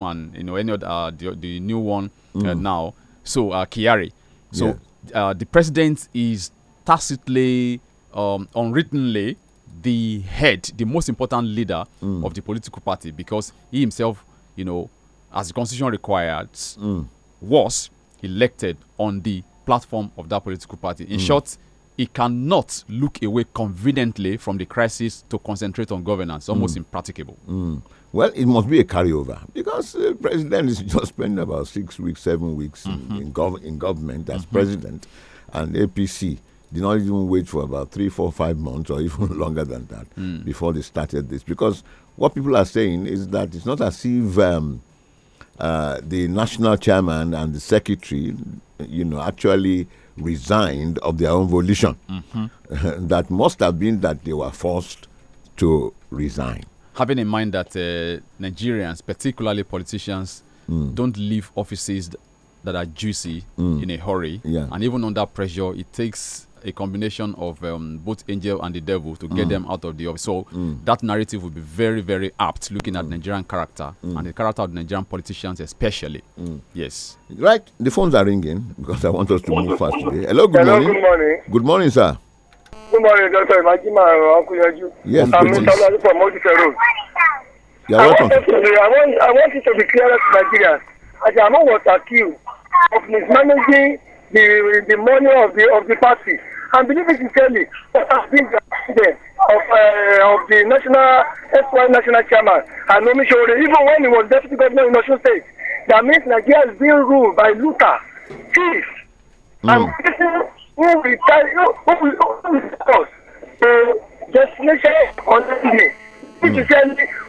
one, you know, any other uh, the, the new one uh, mm. uh, now. So uh, Kiari. So uh, the president is tacitly, um, unwrittenly, the head, the most important leader mm. of the political party because he himself, you know, as the constitution requires, mm. was elected on the platform of that political party. In mm. short, he cannot look away conveniently from the crisis to concentrate on governance, almost mm. impracticable. Mm. Well, it must be a carryover because the uh, president is just spending about six weeks, seven weeks mm -hmm. in, mm-hmm. in, gov in, government as -hmm. president, and APC did not even wait for about three, four, five months or even longer than that hmm. before they started this. Because what people are saying is that it's not as if um, uh, the national chairman and the secretary, you know, actually resigned of their own volition. Mm -hmm. that must have been that they were forced to resign. Having in mind that uh, Nigerians, particularly politicians, mm. don't leave offices that are juicy mm. in a hurry, yeah. and even under pressure, it takes a combination of um, both angel and the devil to get mm. them out of the office. So mm. that narrative would be very, very apt looking at mm. Nigerian character mm. and the character of Nigerian politicians, especially. Mm. Yes. Right. The phones are ringing because I want us to move fast today. Hello, good Hello, morning. Good morning. Good morning, sir. Good morning, Dr. Imajima, Uncle Yaju. Yes, I'm Mr. from Mojita Road. You're welcome. I want, to be, I, want, I want it to be clear to Nigerians. I cannot was accused of mismanaging the, the money of the, of the party and believe me sincerely what has been the president of uh, of the national SY national chairman Anomi Shore even when he was deputy governor in Osun state that means Nigeria is being ruled by Luther chief mm. and person who will tell you who will who will tell us the destination on the evening. Mm.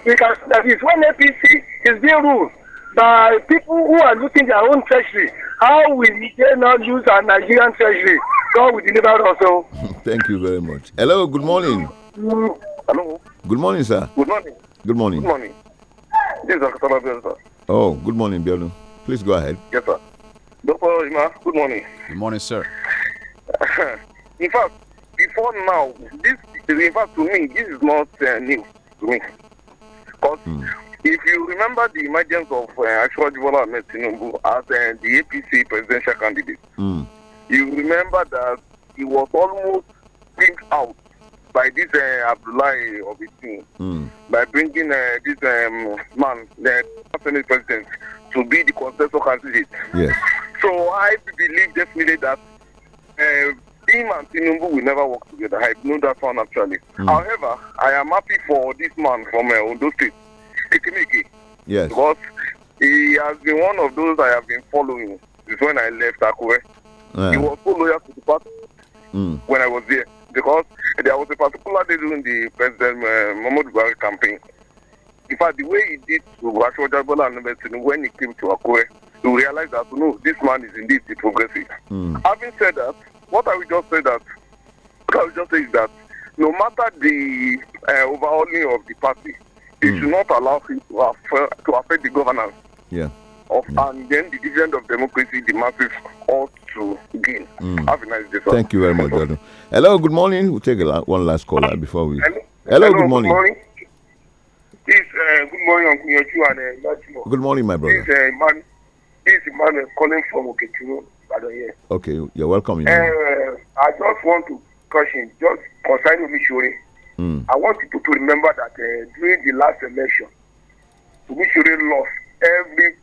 we can see that is when APC is being ruled by people who are looking their own treasury. How will they not use our Nigerian treasury? God will deliver us oh. all. Thank you very much. Hello, good morning. Hello. Good morning, sir. Good morning. Good morning. Good morning. This is Dr. sir. Oh, good morning, Biodun. Please go ahead. Yes, sir. Dr. Ima, good morning. Good morning, sir. in fact, before now, this, in fact, to me, this is not uh, new to me. Because mm if you remember the emergence of uh, actual Jibola Ahmed Tinubu as uh, the APC presidential candidate, mm. you remember that he was almost picked out by this uh, Abdullahi of his team mm. by bringing uh, this um, man, the Senate president, to be the consensus candidate. Yes. So I believe definitely that uh, him and Tinubu will never work together. I have known that one actually. Mm. However, I am happy for this man from uh, Ondo State Ekimeke. Yes. Because he has been one of those I have been following since when I left Akure. Yeah. He was so loyal to the party mm. when I was there because there was a particular day during the President uh, Mahmoud Buhari campaign. In fact, the way he did to Ashwaja Bola and when he came to Akure, to realize that no, this man is indeed the progressive. Mm. Having said that, what I will just say that what I will just say is that no matter the uh, overhauling of the party, It should mm. not allow him to affect, to affect the governance. Yeah. Of, yeah. And then the dividend of democracy, the masses ought to gain. Mm. Have a nice day, sir. Thank you very much, Jordan. Hello, good morning. We'll take la one last caller before we. Hello, Hello, good morning. Good morning. This, uh, good morning, Uncle Yochu and uh, Good morning, my brother. This, uh, man, this man uh, calling from Okechino, Badon Okay, you're welcome. You uh, I just want to caution, just concerning Omishore. Mm. I want people to remember that uh, during the last election, Bumishure lost every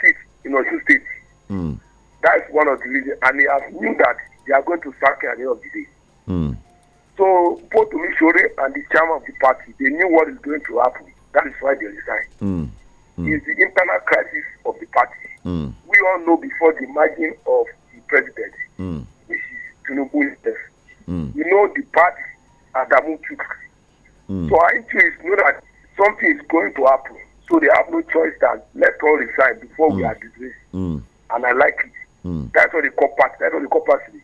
seat in Osun State. Mm. That's one of the reasons, and he has knew that they are going to sack him at the end of the day. Mm. So both Bumishure and the chairman of the party, they knew what is going to happen. That is why they resigned. Mm. Mm. It's the internal crisis of the party. Mm. We all know before the margin of the president, hmm. which is Tinubu. Mm. We know the party Adamu Chukwu. Mm. So ITs know that something is going to happen. So they have no choice than let all resign before mm. we hmm. are disgraced. Mm. And I like it. Mm. That's what the call That's what they call parsley.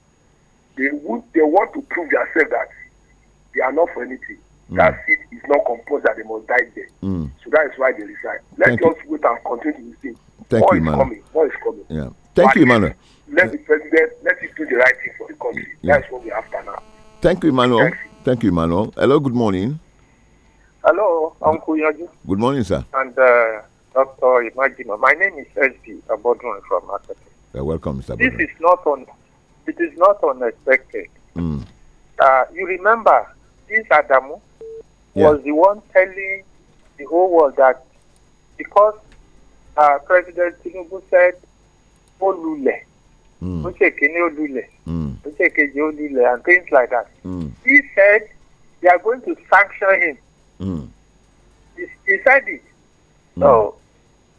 They would they want to prove themselves that they are not for anything. Hmm. That seat is not composed that they must die there. Hmm. So that is why they resign. Let's Thank just you. wait and continue to see. Thank what you, is coming. What is coming? Yeah. Thank but you, Emmanuel. Let the president let him do the right thing for the country. Yeah. That's what we have done now. Thank you, Emmanuel. Thank you, Manuel. Hello, good morning. Hello, Uncle Yagi. Good morning, sir. And uh, Dr. Imagino. My name is S.D. Abodron from Akate. You're welcome, Mr. This is not on. It is not unexpected. Mm. Uh, you remember, this Adamu yeah. was the one telling the whole world that because uh, President Tinubu said, Olule, Ucheke mm. mm. and things like that. Mm. He said they are going to sanction him. Mm. He, he, said it. So,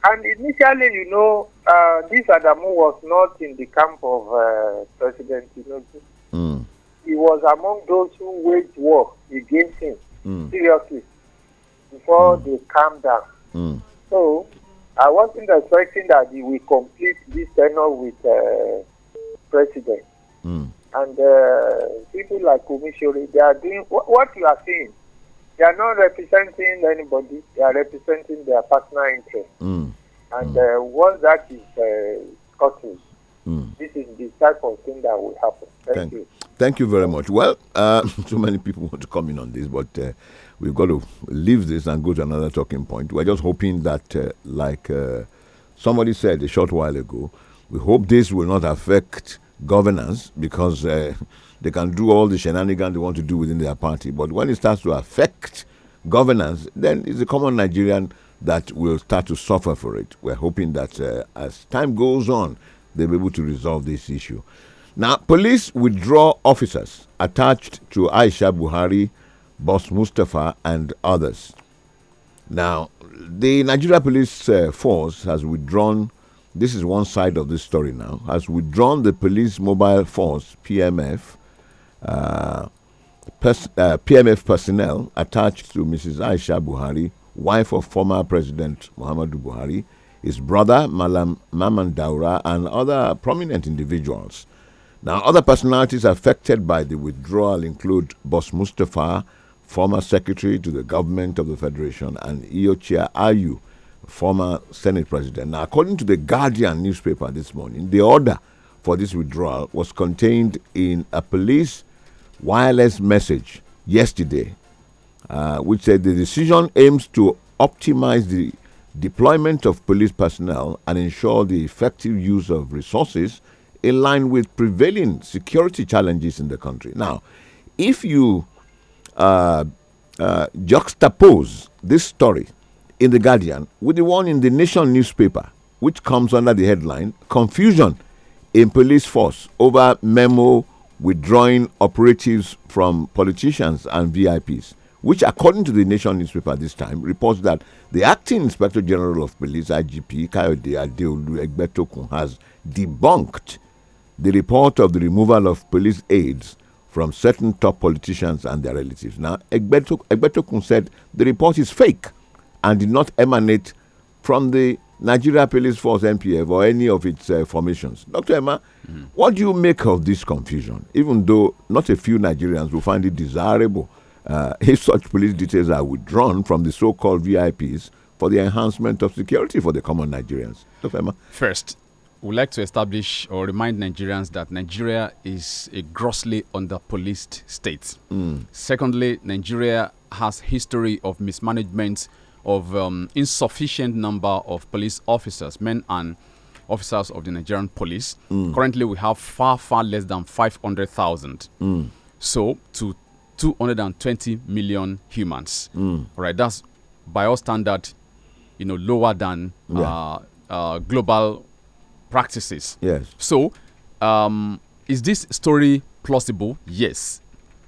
and initially, you know, uh, this Adamu was not in the camp of uh, President Tinubu. Mm. He was among those who waged war against him mm. seriously before mm. they calmed down. So I wasn't expecting that he will complete this tenure with uh, president. Mm. And uh, people like Kumishori, they are doing wh what you are seeing. They are not representing anybody. They are representing their personal interest. Mm. And mm. Uh, once that is uh, scottish, hmm. this is the type of thing that will happen. Thank, Thank you. Thank you very much. Well, uh, too many people want to comment on this, but uh, we've got to leave this and go to another talking point. We're just hoping that, uh, like uh, somebody said a short while ago, we hope this will not affect governance because uh, they can do all the shenanigans they want to do within their party. But when it starts to affect governance, then it's the common Nigerian that will start to suffer for it. We're hoping that uh, as time goes on, they'll be able to resolve this issue. Now, police withdraw officers attached to Aisha Buhari Boss Mustafa, and others. Now, the Nigeria Police uh, Force has withdrawn. This is one side of this story now. Has withdrawn the Police Mobile Force (PMF) uh, pers uh, PMF personnel attached to Mrs. Aisha Buhari, wife of former President Muhammadu Buhari, his brother Malam Mamandaura, Daura, and other prominent individuals. Now, other personalities affected by the withdrawal include Boss Mustafa former secretary to the government of the federation, and Iochia Ayu, former Senate president. Now, according to the Guardian newspaper this morning, the order for this withdrawal was contained in a police wireless message yesterday, uh, which said the decision aims to optimize the deployment of police personnel and ensure the effective use of resources in line with prevailing security challenges in the country. Now, if you uh, uh, juxtapose this story in The Guardian with the one in the Nation newspaper, which comes under the headline Confusion in Police Force over memo withdrawing operatives from politicians and VIPs, which, according to the Nation newspaper this time, reports that the acting Inspector General of Police, IGP Kayode Adeolu Egbetokun, has debunked the report of the removal of police aides from certain top politicians and their relatives. Now, Egbetokun said the report is fake and did not emanate from the Nigeria Police Force NPF or any of its uh, formations. Dr. Emma, mm. what do you make of this confusion? Even though not a few Nigerians will find it desirable uh, if such police details are withdrawn from the so called VIPs for the enhancement of security for the common Nigerians. Dr. Emma. First, would like to establish or remind Nigerians that Nigeria is a grossly underpoliced state. Mm. Secondly, Nigeria has history of mismanagement of um, insufficient number of police officers, men and officers of the Nigerian police. Mm. Currently, we have far, far less than 500,000. Mm. So, to 220 million humans. Mm. Right, that's by all standard, you know, lower than yeah. uh, uh, global practices. Yes. So, um, is this story plausible? Yes.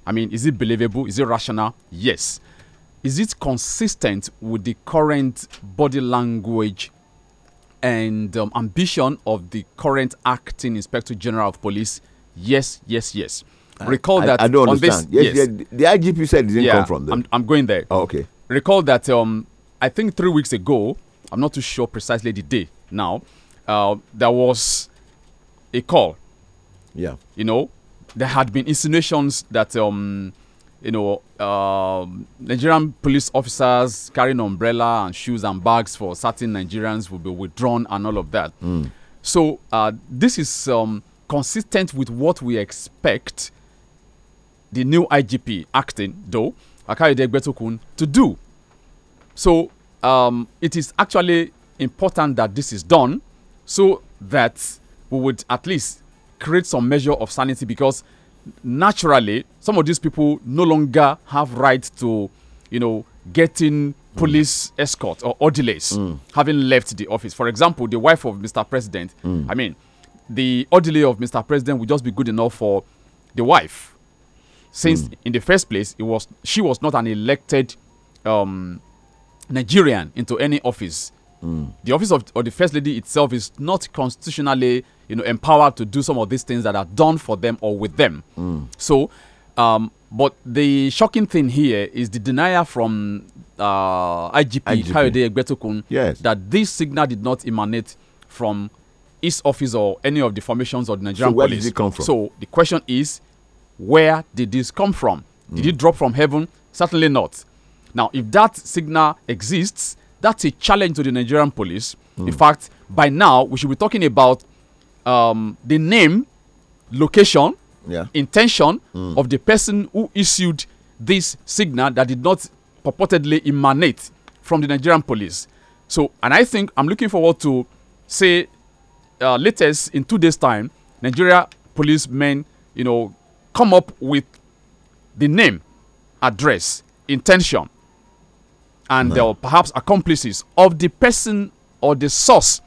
I mean, is it believable? Is it rational? Yes. Is it consistent with the current body language and um, ambition of the current acting inspector general of police? Yes, yes, yes. Recall I, that I don't understand. This, yes, yes. the IGP said it didn't yeah, come from them. I'm, I'm going there. Oh, okay. Recall that um, I think three weeks ago, I'm not too sure precisely the day now, uh, there was a call. Yeah. You know, there had been insinuations that um, you know, uh, Nigerian police officers carrying umbrella and shoes and bags for certain Nigerians will be withdrawn and all of that. Mm. So uh, this is um, consistent with what we expect the new IGP acting, though, Akayode Gbetokun, to do. So um, it is actually important that this is done so that we would at least create some measure of sanity because naturally some of these people no longer have right to you know getting police mm. escort or orderlies mm. having left the office for example the wife of mr president mm. i mean the orderly of mr president would just be good enough for the wife since mm. in the first place it was she was not an elected um, nigerian into any office Mm. The office of or the first lady itself is not constitutionally, you know, empowered to do some of these things that are done for them or with them. Mm. So, um, but the shocking thing here is the denial from uh, IGP, IGP. Kayode Egbetokun yes. that this signal did not emanate from his office or any of the formations of the Nigerian so where police. Did it come from? So the question is, where did this come from? Mm. Did it drop from heaven? Certainly not. Now, if that signal exists, that's a challenge to the Nigerian police. Mm. In hmm. fact, by now we should be talking about um, the name, location, yeah. intention mm. of the person who issued this signal that did not purportedly emanate from the Nigerian police. So, and I think I'm looking forward to say uh, latest in two days' time, Nigeria policemen, you know, come up with the name, address, intention, and no. they are perhaps accomplices of the person or the source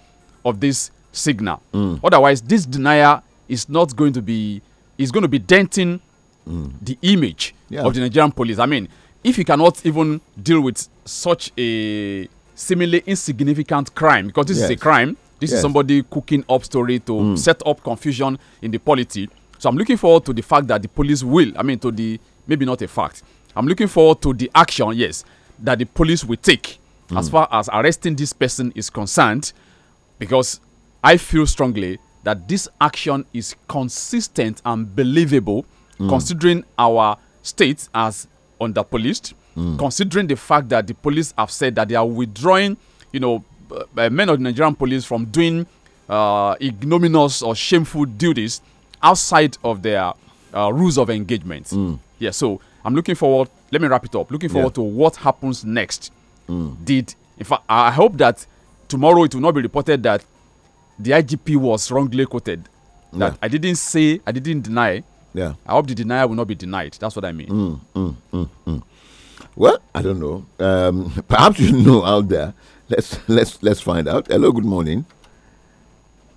of this signal. Mm. Otherwise, this denier is not going to be is going to be denting mm. the image yeah. of the Nigerian police. I mean, if you cannot even deal with such a seemingly insignificant crime, because this yes. is a crime, this yes. is somebody cooking up story to mm. set up confusion in the polity. So I'm looking forward to the fact that the police will, I mean, to the maybe not a fact. I'm looking forward to the action, yes, that the police will take mm. as far as arresting this person is concerned, because I feel strongly that this action is consistent and believable, mm. considering our state as underpoliced, mm. considering the fact that the police have said that they are withdrawing, you know, uh, uh men of the Nigerian police from doing uh, ignominious or shameful duties outside of their uh, rules of engagement. Mm. Yeah, so I'm looking forward. Let me wrap it up. Looking forward yeah. to what happens next. Mm. Did in fact, I hope that tomorrow it will not be reported that the IGP was wrongly quoted. That yeah. I didn't say, I didn't deny. Yeah. I hope the denial will not be denied. That's what I mean. Mm, mm, mm, mm. well, I don't know. Um, perhaps you know out there. Let's let's let's find out. Hello, good morning.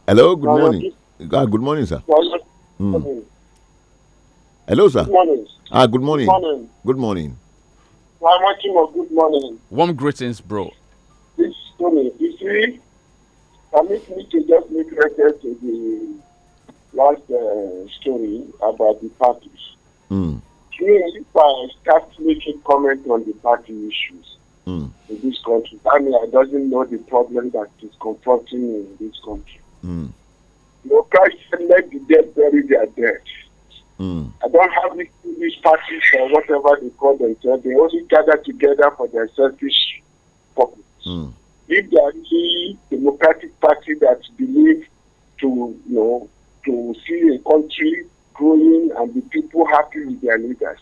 Hello, good morning. Ah, good morning, sir. Mm. Hello, sir. Good morning. Ah, good morning. Good morning. Good morning. Well, my good morning. Warm greetings, bro. This morning, you see, permit me to just make reference to the last uh, story about the parties. Mm. if I start making comment on the party issues mm. in this country, I mean, I doesn't know the problem that is confronting me in this country. Mm. Local let the dead bury their dead. Mm. I don't have these parties or whatever they call themselves. They only gather together for their selfish purpose. Mm. If there is a democratic party that believes to you know to see a country growing and the people happy with their leaders,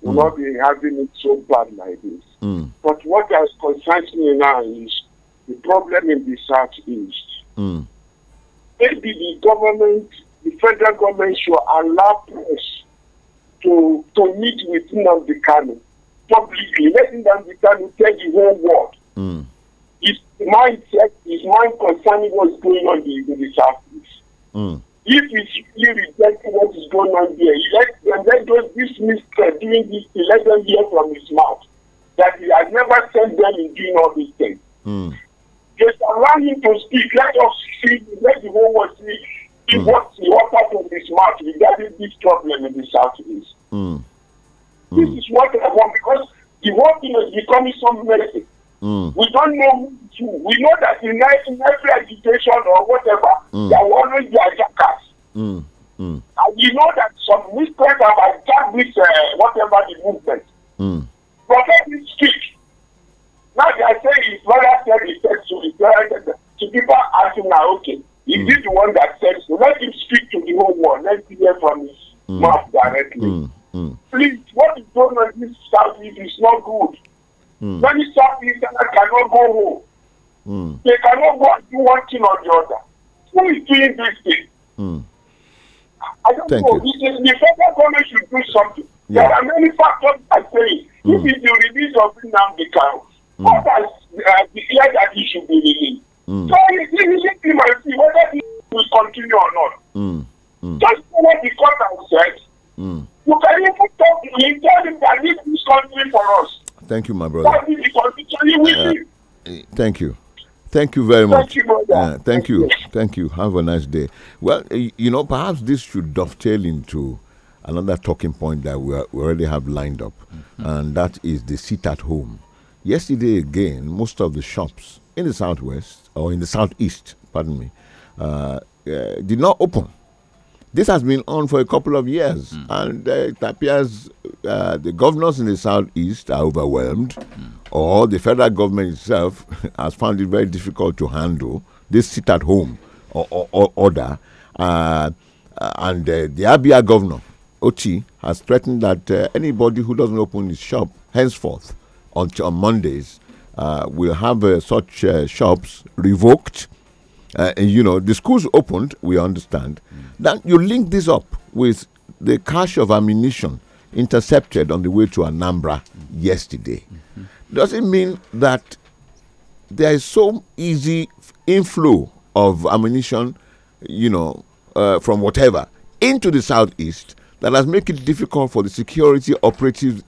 will mm. not be having it so bad like this. Mm. But what has concerns me now is the problem in the southeast. Mm. Maybe the government the federal government should allow press to to meet with Nnamdi Kanu publicly. Let Nnamdi Kanu tell the whole world. Mm. His mind his mind concerning what's going on in the, in the southeast. Mm. If he's really rejecting what is going on there, let, let those dismissed doing this, let them hear from his mouth that he has never sent them in doing all these things. Mm. Just allow him to speak. Let us see, let the whole world see he, mm. wants, he wanted to this match regarding this problem in the Southeast. Mm. This hmm. is what I want because the whole thing is becoming so messy. Mm. We don't know. We know that in, in every agitation or whatever, mm. there were always the attackers. Mm. Mm. And you know that some mistakes have attacked this, uh, whatever the movement. Mm. But let me speak. Now they are saying it's not after the to the people asking now, okay, if mm. he's the one that said so, let him speak to the whole world. Let him hear from his mm. mouth directly. Mm. mm. Please, what is going on in this Southeast is not good. Mm. Many Southeasterners cannot go home. Mm. They cannot go and do one thing or the other. Who is doing this thing? Mm. I don't Thank know. You. the federal government should do something. Yeah. There are many factors I say. Mm. If it's the release of the Kanu, mm. what has uh, declared that he should be released? Mm. So you need him and see whether he will continue or not. Mm. Mm. Just what the court has said. Mm. You can even talk to him, tell him that leave this country for us. Thank you, my brother. That is the constitution with him. Eh, thank you. Thank you very much. Thank you, brother. Uh, thank, thank you. Thank you. Have a nice day. Well, eh, you know, perhaps this should dovetail into another talking point that we, are, we already have lined up, mm -hmm. and that is the seat at home. Yesterday, again, most of the shops in the southwest or in the southeast, pardon me, uh, uh, did not open. This has been on for a couple of years, mm. and uh, it appears uh, the governors in the southeast are overwhelmed, mm. or the federal government itself has found it very difficult to handle this sit at home or, or, or order. and the Abia governor, Ochi, has threatened that anybody who doesn't open his shop henceforth on, on Mondays uh, will have uh, such uh, shops revoked. you know, the schools opened, we understand. Mm. Then you link this up with the cache of ammunition intercepted on the way to Anambra mm. yesterday. Mm -hmm. Does it mean that there is so easy inflow of ammunition, you know, uh, from whatever into the southeast that has made it difficult for the security operatives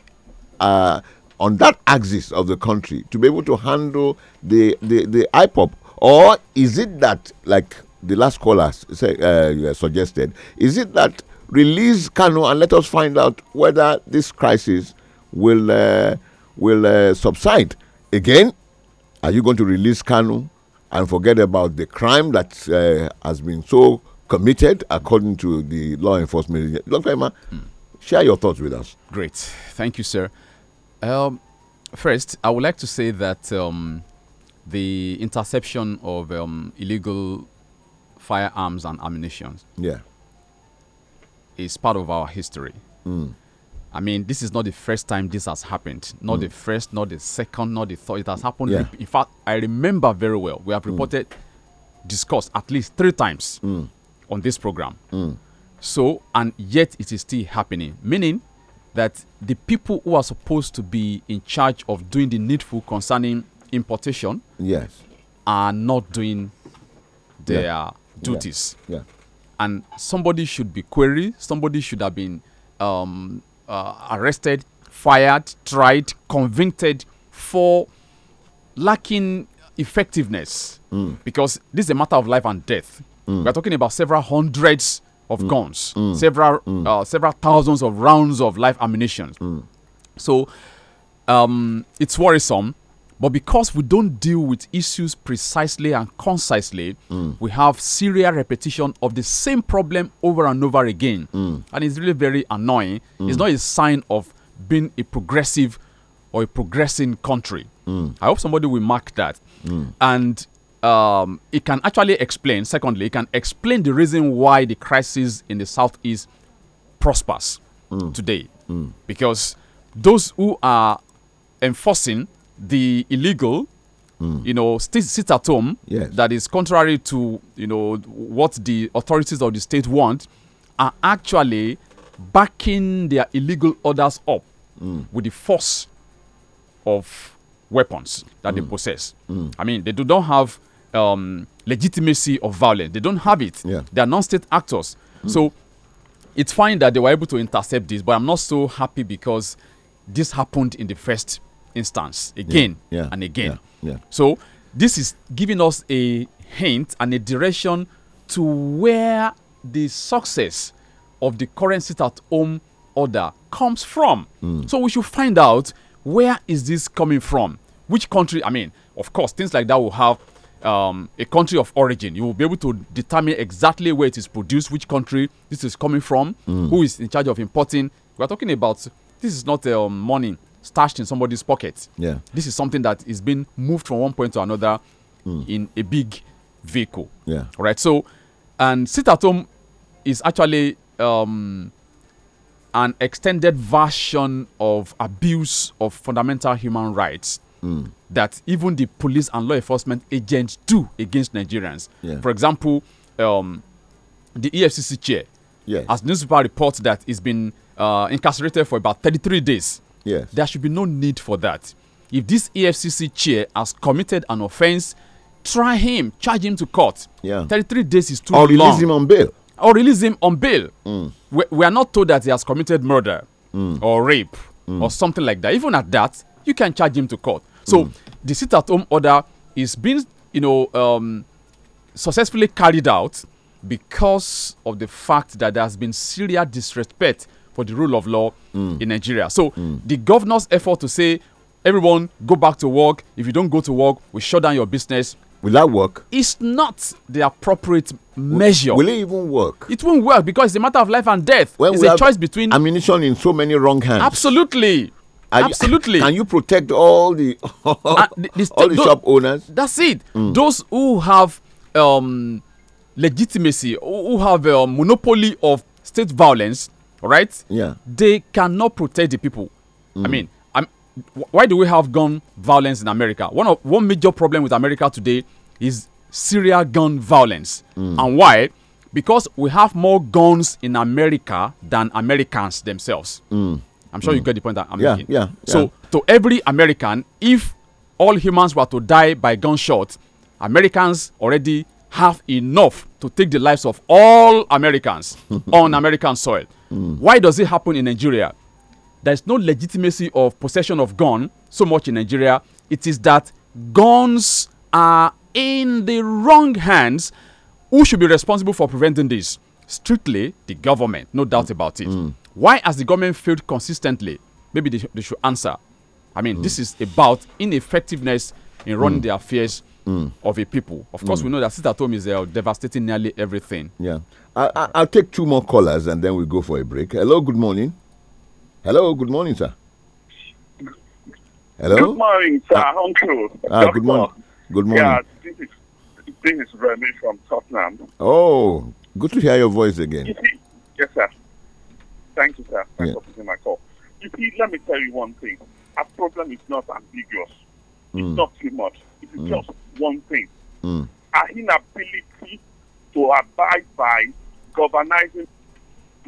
uh, on that axis of the country to be able to handle the, the, the IPOP? Or is it that, like the last caller say, uh, uh, suggested, is it that release Kano and let us find out whether this crisis will, uh, will uh, subside? Again, are you going to release Kano and forget about the crime that uh, has been so committed according to the law enforcement? mm. share your thoughts with us. Great. Thank you, sir. Um, first, I would like to say that um, the interception of um, illegal firearms and ammunition yeah. is part of our history. Mm. I mean, this is not the first time this has happened. Not mm. the first, not the second, not the third. It has happened. Yeah. In fact, I remember very well. We have mm. reported, mm. discussed at least three times mm. on this program. Mm. So, and yet it is still happening. Meaning, that the people who are supposed to be in charge of doing the needful concerning importation yes are not doing their yeah. duties yeah. yeah. and somebody should be queried somebody should have been um, uh, arrested fired tried convicted for lacking effectiveness mm. because this is a matter of life and death mm. we're talking about several hundreds of mm. guns, mm. several mm. uh, several thousands of rounds of live ammunition. Mm. So um, it's worrisome. But because we don't deal with issues precisely and concisely, mm. we have serial repetition of the same problem over and over again. Mm. And it's really very annoying. Mm. It's not a sign of being a progressive or a progressing country. Mm. I hope somebody will mark that. And um, it can actually explain, secondly, it can explain the reason why the crisis in the Southeast prospers mm. today. Mm. Because those who are enforcing the illegal, mm. you know, sit at home, yes. that is contrary to, you know, what the authorities of the state want, are actually backing their illegal orders up mm. with the force of weapons that mm. they possess. Mm. I mean, they do not have um, legitimacy of violence. They don't have it. Yeah. They are non-state actors. Mm. So it's fine that they were able to intercept this, but I'm not so happy because this happened in the first instance again yeah, yeah, and again. Yeah, so this is giving us a hint and a direction to where the success of the current sit at home order comes from. Mm. So we should find out where is this coming from? Which country? I mean, of course, things like that will have um, a country of origin. You will be able to determine exactly where it is produced, which country this is coming from, mm. who is in charge of importing. We are talking about this is not uh, money stashed in somebody's pocket. Yeah, this is something that is being moved from one point to another mm. in a big vehicle. Yeah, right. So, and sit at home is actually um, an extended version of abuse of fundamental human rights mm. that even the police and law enforcement agents do against Nigerians. Yeah. For example, um, the EFCC chair, yes. as newspaper reports that he's been uh, incarcerated for about 33 days. Yes. There should be no need for that. If this EFCC chair has committed an offense, try him, charge him to court. Yeah. 33 days is too long. Or release him on bail. Or release him on bail. Mm. We, we, are not told that he has committed murder mm. or rape mm. or something like that. Even at that, you can charge him to court. So mm. the sit at home order is being, you know, um, successfully carried out because of the fact that there has been serious disrespect for the rule of law mm. in Nigeria. So mm. the governor's effort to say, everyone go back to work. If you don't go to work, we shut down your business. Will that work? It's not the appropriate measure. Will it even work? It won't work because it's a matter of life and death. When it's a choice between ammunition in so many wrong hands. Absolutely. Absolutely. can you protect all the all, uh, ah, the, the, all the shop owners? That's it. Mm. Those who have um, legitimacy, who have a uh, monopoly of state violence, right? Yeah. They cannot protect the people. Mm. I mean, I'm, why do we have gun violence in America? One of one major problem with America today is serial gun violence, mm. and why? Because we have more guns in America than Americans themselves. Mm. I'm sure mm. you get the point that I'm yeah, making. Yeah, yeah. So to every American, if all humans were to die by gunshot, Americans already have enough to take the lives of all Americans on American soil. Mm. Why does it happen in Nigeria? There is no legitimacy of possession of gun so much in Nigeria. It is that guns are in the wrong hands. Who should be responsible for preventing this? Strictly the government, no doubt mm. about it. Mm. Why has the government failed consistently? Maybe they, they should answer. I mean, mm. this is about ineffectiveness in running mm. the affairs mm. of a people. Of course, mm. we know that sit home is uh, devastating nearly everything. Yeah. I, will take two more callers and then we will go for a break. Hello, good morning. Hello, good morning, sir. Hello? Good morning, sir. Ah, Uncle. Ah, good morning. Good morning. Yeah, this is, this is Remy from Tottenham. Oh, good to hear your voice again. You see, yes, sir. Thank you, sir. Thanks yeah. for taking my call. You see, let me tell you one thing. Our problem is not ambiguous. It's mm. not too much. It is mm. just one thing. Mm. Our inability to abide by governing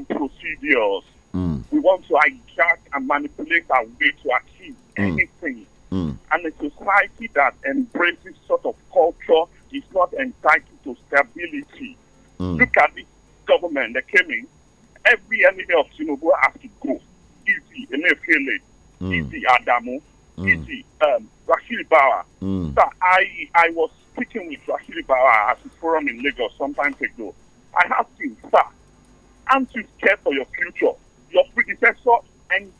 procedures. Mm. We want to hijack and manipulate our way to achieve hmm. anything. Hmm. And a society that embraces sort of culture is not entitled to stability. Hmm. Look at the government that came in every enemy of go has to go. Easy, Emefiele, mm. Easy, Adamu, mm. Easy, um, Rashid Bawa. Mm. Sir, I, I was speaking with Rashid Bawa at his forum in Lagos some time ago. I asked him, sir, aren't you scared for your future? Your predecessor and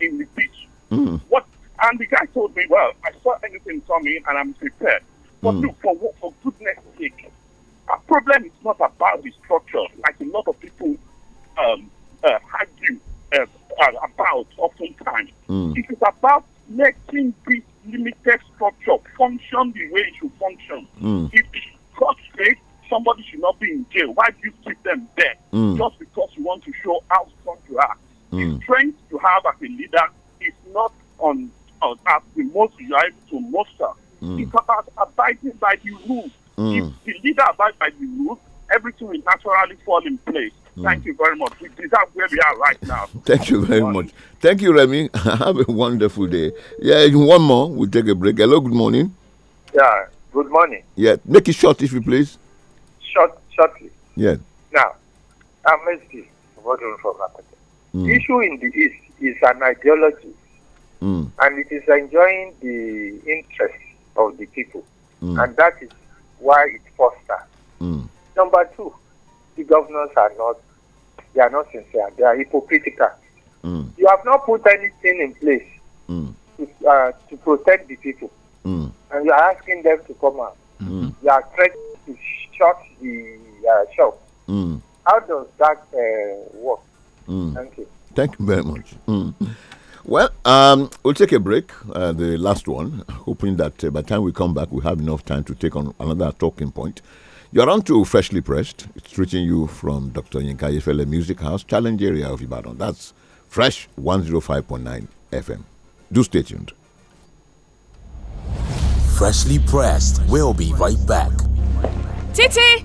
in the beach. Mm. What? And the guy told me, well, I saw anything coming and I'm prepared. But mm. look, for, what for goodness sake, our problem is not about the structure, like a lot of people um, uh, argue uh, uh, about oftentimes. Mm. It is about making this limited structure function the way it should function. Mm. If God's sake, somebody should not be in jail. Why do you keep them there? Mm. Just because you want to show how strong you are. Mm. The hmm. strength you have as a leader is not on uh, as the most you are able to muster. Mm. It's about abiding by the rules. Hmm. If the leader abides by the rules, everything will naturally fall in place. Thank mm. you very much. We deserve where we are right now. Thank you very much. Thank you, Remy. Have a wonderful day. Yeah, one more. We'll take a break. Hello, good morning. Yeah, good morning. Yeah, make it short if you please. Short, shortly. Yeah. Now, I'm Messi, from Africa. Mm. The issue in the East is an ideology, mm. and it is enjoying the interest of the people, mm. and that is why it fosters. Mm. Number two, the governors are not they are not sincere. They are hypocritical. Mm. You have not put anything in place mm. to, uh, to, protect the people, mm. and you are asking them to come out. Mm. You are threatening to shut the uh, shop. Mm. How does that uh, work? Mm. Thank you. Thank you very much. Well, um, we'll take a break, uh, the last one, hoping that uh, by the time we come back, we have enough time to take on another talking point. You're on to Freshly Pressed. It's reaching you from Dr. Yinka Yefele Music House, challenge area of Ibadan. That's Fresh 105.9 FM. Do stay tuned. Freshly Pressed. We'll be right back. Titi!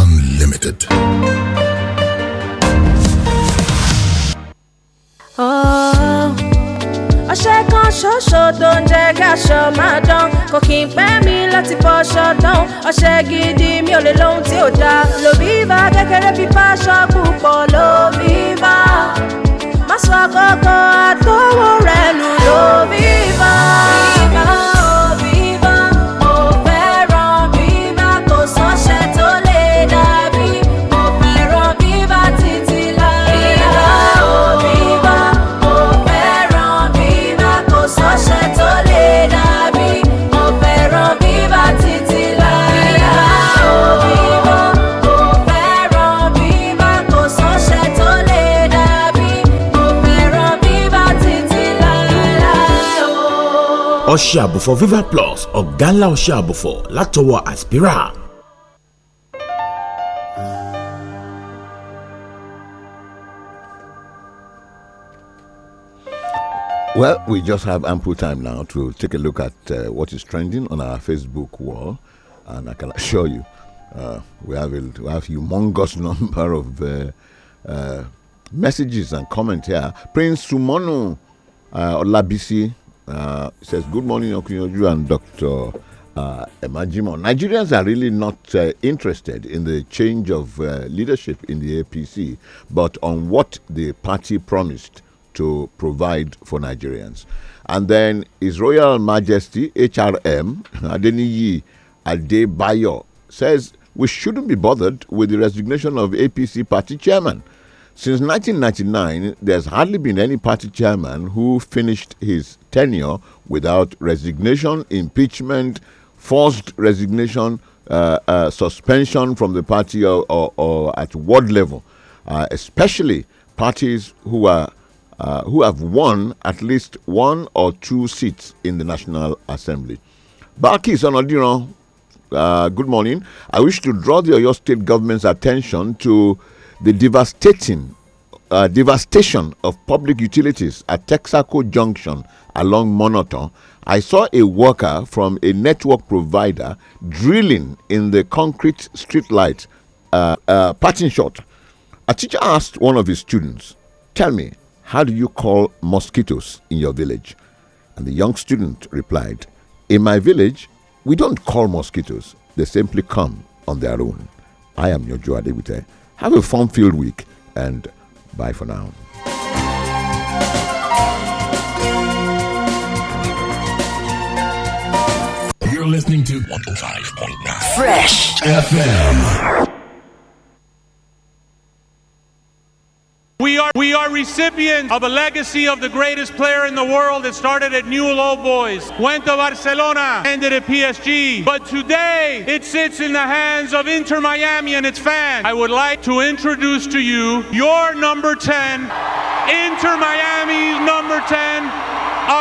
Unlimited. Oh, ọṣẹ kan ṣoṣo tó ń jẹ́ káṣọ máa dán kò kí n je maa dan ko ki n pe mi láti ọṣẹ gidi mi ò lè lóhun tí ò dáa kékeré fi fáṣọ púpọ̀ àkọ́kọ́ àtọwọ́ rẹ lù ọṣẹ àbùfọ̀ viva plus ọ̀gá ńlá ọṣẹ àbùfọ̀ látọwọ́ aspira. Well, we just have ample time now to take a look at uh, what is trending on our Facebook wall, and I can assure you, uh, we have a we have humongous number of uh, uh, messages and comments here. Prince Sumono uh, Olabisi uh, says, Good morning, Okunyoju and Dr. Uh, Emajimo. Nigerians are really not uh, interested in the change of uh, leadership in the APC, but on what the party promised to provide for Nigerians. And then His Royal Majesty HRM Adeniyi Adebayo says, We shouldn't be bothered with the resignation of APC party chairman. Since 1999, there's hardly been any party chairman who finished his tenure without resignation, impeachment, forced resignation, uh, uh, suspension from the party or, or, or at ward level, uh, especially parties who are uh, who have won at least one or two seats in the National Assembly. Baki Sonodino, uh, good morning. I wish to draw the Oyo State government's attention to the devastating uh, devastation of public utilities at Texaco Junction along Monoton, I saw a worker from a network provider drilling in the concrete streetlight uh, uh, parting shot. A teacher asked one of his students, Tell me, how do you call mosquitoes in your village? And the young student replied, In my village, we don't call mosquitoes, they simply come on their own. I am your Joadebute. Have a fun filled week and bye for now. You're listening to 105.9 Fresh FM. are recipients of a legacy of the greatest player in the world that started at Newell Old Boys, went to Barcelona, ended at PSG. But today, it sits in the hands of Inter Miami and its fans. I would like to introduce to you your number 10, Inter Miami's number 10,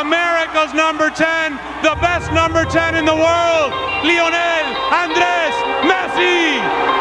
America's number 10, the best number 10 in the world, Lionel Andres Messi.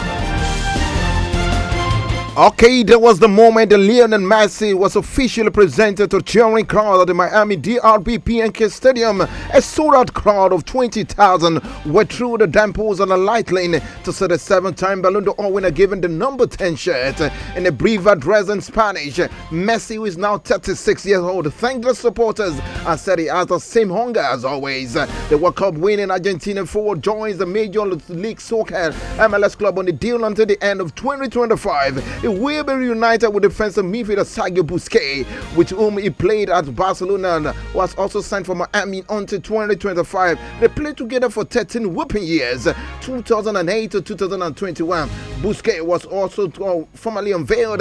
Okay, that was the moment that Lionel Messi was officially presented to cheering crowd at the Miami DRB PNK Stadium. A sold-out crowd of 20,000 were through the damples and the light lane to see the seven-time Ballon d'Or winner given the number 10 shirt in a brief address in Spanish. Messi, who is now 36 years old, thanked the supporters and said he has the same hunger as always. The World Cup winning Argentina forward joins the Major League Soccer MLS club on the deal until the end of 2025. He will be reunited with defensive midfielder Sergio Busquets, with whom he played at Barcelona and was also signed for Miami until 2025. They played together for 13 whooping years, 2008 to 2021. Busquets was also uh, formally unveiled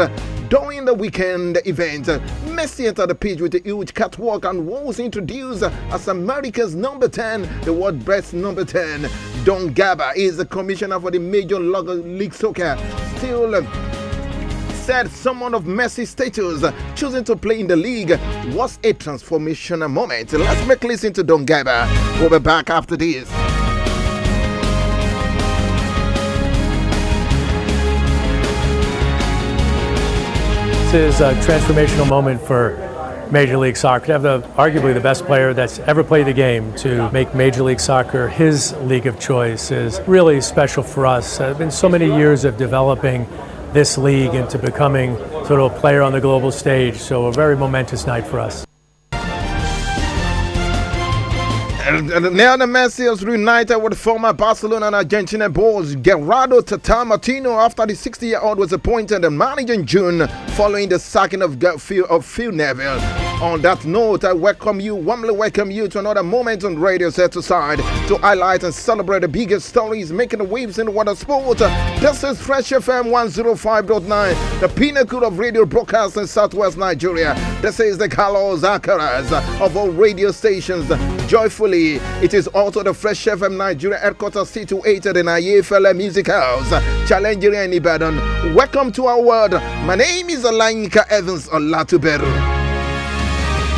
during the weekend event. Messi entered the pitch with a huge catwalk and was introduced as America's number 10, the world's best number 10. Don Gaba is the commissioner for the Major League Soccer. Still said someone of Messi status choosing to play in the league was a transformational moment. Let's make listen to Don Gaba. We'll be back after this. This is a transformational moment for Major League Soccer to have the, arguably the best player that's ever played the game to make Major League Soccer his league of choice is really special for us. It's uh, been so many years of developing this league into becoming sort of a player on the global stage. So, a very momentous night for us. Lionel Messi is reunited with former Barcelona and Argentina boss Gerardo Tata Martino after the 60 year old was appointed manager in June following the sacking of, Phil, of Phil Neville. On that note, I welcome you, warmly welcome you to another moment on Radio Set Aside to highlight and celebrate the biggest stories making waves in water sport. This is Fresh FM 105.9, the pinnacle of radio broadcasts in southwest Nigeria. This is the Carlos Akaras of all radio stations joyfully. It is also the Fresh FM Nigeria headquarters situated in Ayefele Music House, Challengeria in Ibadan. Welcome to our world. My name is Alainka Evans Olatuberu.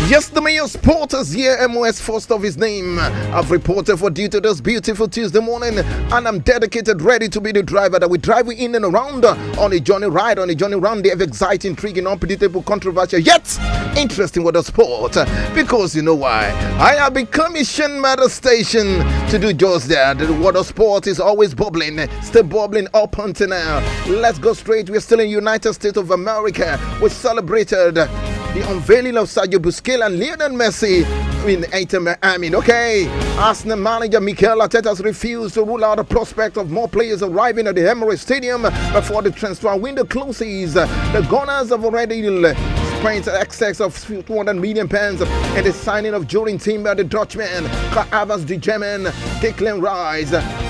Yes, the mayor's porters here, MOS first of his name. I've reported for duty this beautiful Tuesday morning, and I'm dedicated, ready to be the driver that will drive you in and around on a journey ride, on a journey round the exciting, intriguing, unpredictable, controversial, yet interesting with the sport. Because you know why? I have been commissioned by the station to do just that. The water sport is always bubbling, still bubbling up until now. Let's go straight. We're still in United States of America. We celebrated the unveiling of Sergio Busquets and Lionel Messi in Inter Miami. Okay, Arsenal manager Mikel has refused to rule out the prospect of more players arriving at the Emirates Stadium before the transfer window closes. The Gunners have already spent excess of 200 million pounds in the signing of Jordan Timber, the Dutchman, Kai Havers, the German, Declan Rice.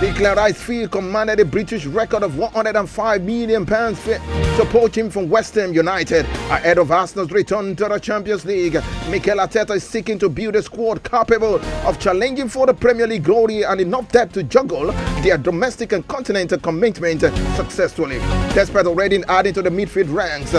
The Clarice Field commanded a British record of 105 million pounds for supporting from West Ham United ahead of Arsenal's return to the Champions League. Mikel Arteta is seeking to build a squad capable of challenging for the Premier League glory and enough depth to juggle their domestic and continental commitment successfully. Despite already adding to the midfield ranks,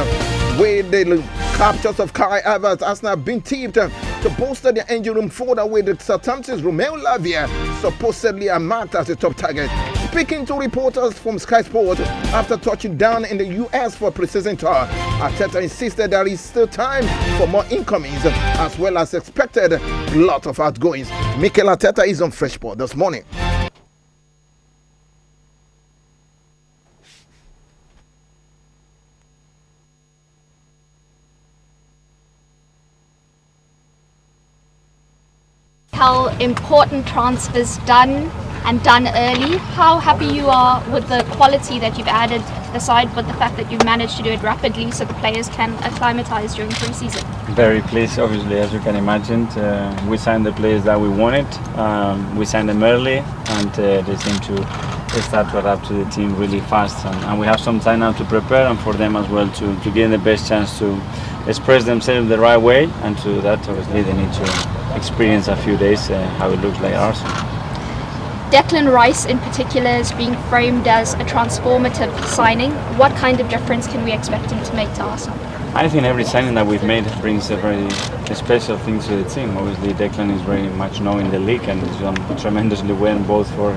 where the captures of Kai Havertz has now been tipped to bolster their engine room further with Southampton's Romeo Lavia supposedly are marked as the top target. Speaking to reporters from Sky Sport after touching down in the US for pre-season tour, Arteta insisted there is still time for more incomings as well as expected lot of outgoings. Mikel Arteta is on Fresh Sport this morning. how important transfers done and done early. How happy you are with the quality that you've added aside but the fact that you've managed to do it rapidly so the players can acclimatise during pre-season? Very pleased, obviously, as you can imagine. Uh, we signed the players that we wanted. Um, we signed them early and uh, they seem to start to adapt to the team really fast. And, and, we have some time now to prepare and for them as well to, to the best chance to express themselves the right way and to that obviously they need to experience a few days uh, how it looks like ours. Declan Rice, in particular, is being framed as a transformative signing. What kind of difference can we expect him to make to Arsenal? I think every signing that we've made brings a very special thing to the team. Obviously, Declan is very much known in the league and is done tremendously well both for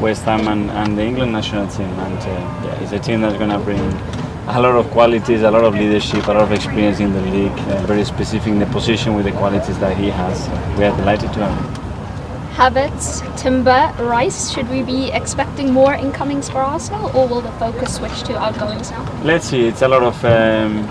West Ham and, and the England national team. And uh, yeah, it's a team that's going to bring a lot of qualities, a lot of leadership, a lot of experience in the league, uh, very specific in the position with the qualities that he has. We are delighted to have him habits, timber, rice. Should we be expecting more incomings for us or will the focus switch to outgoings now? Let's see. It's a lot of um,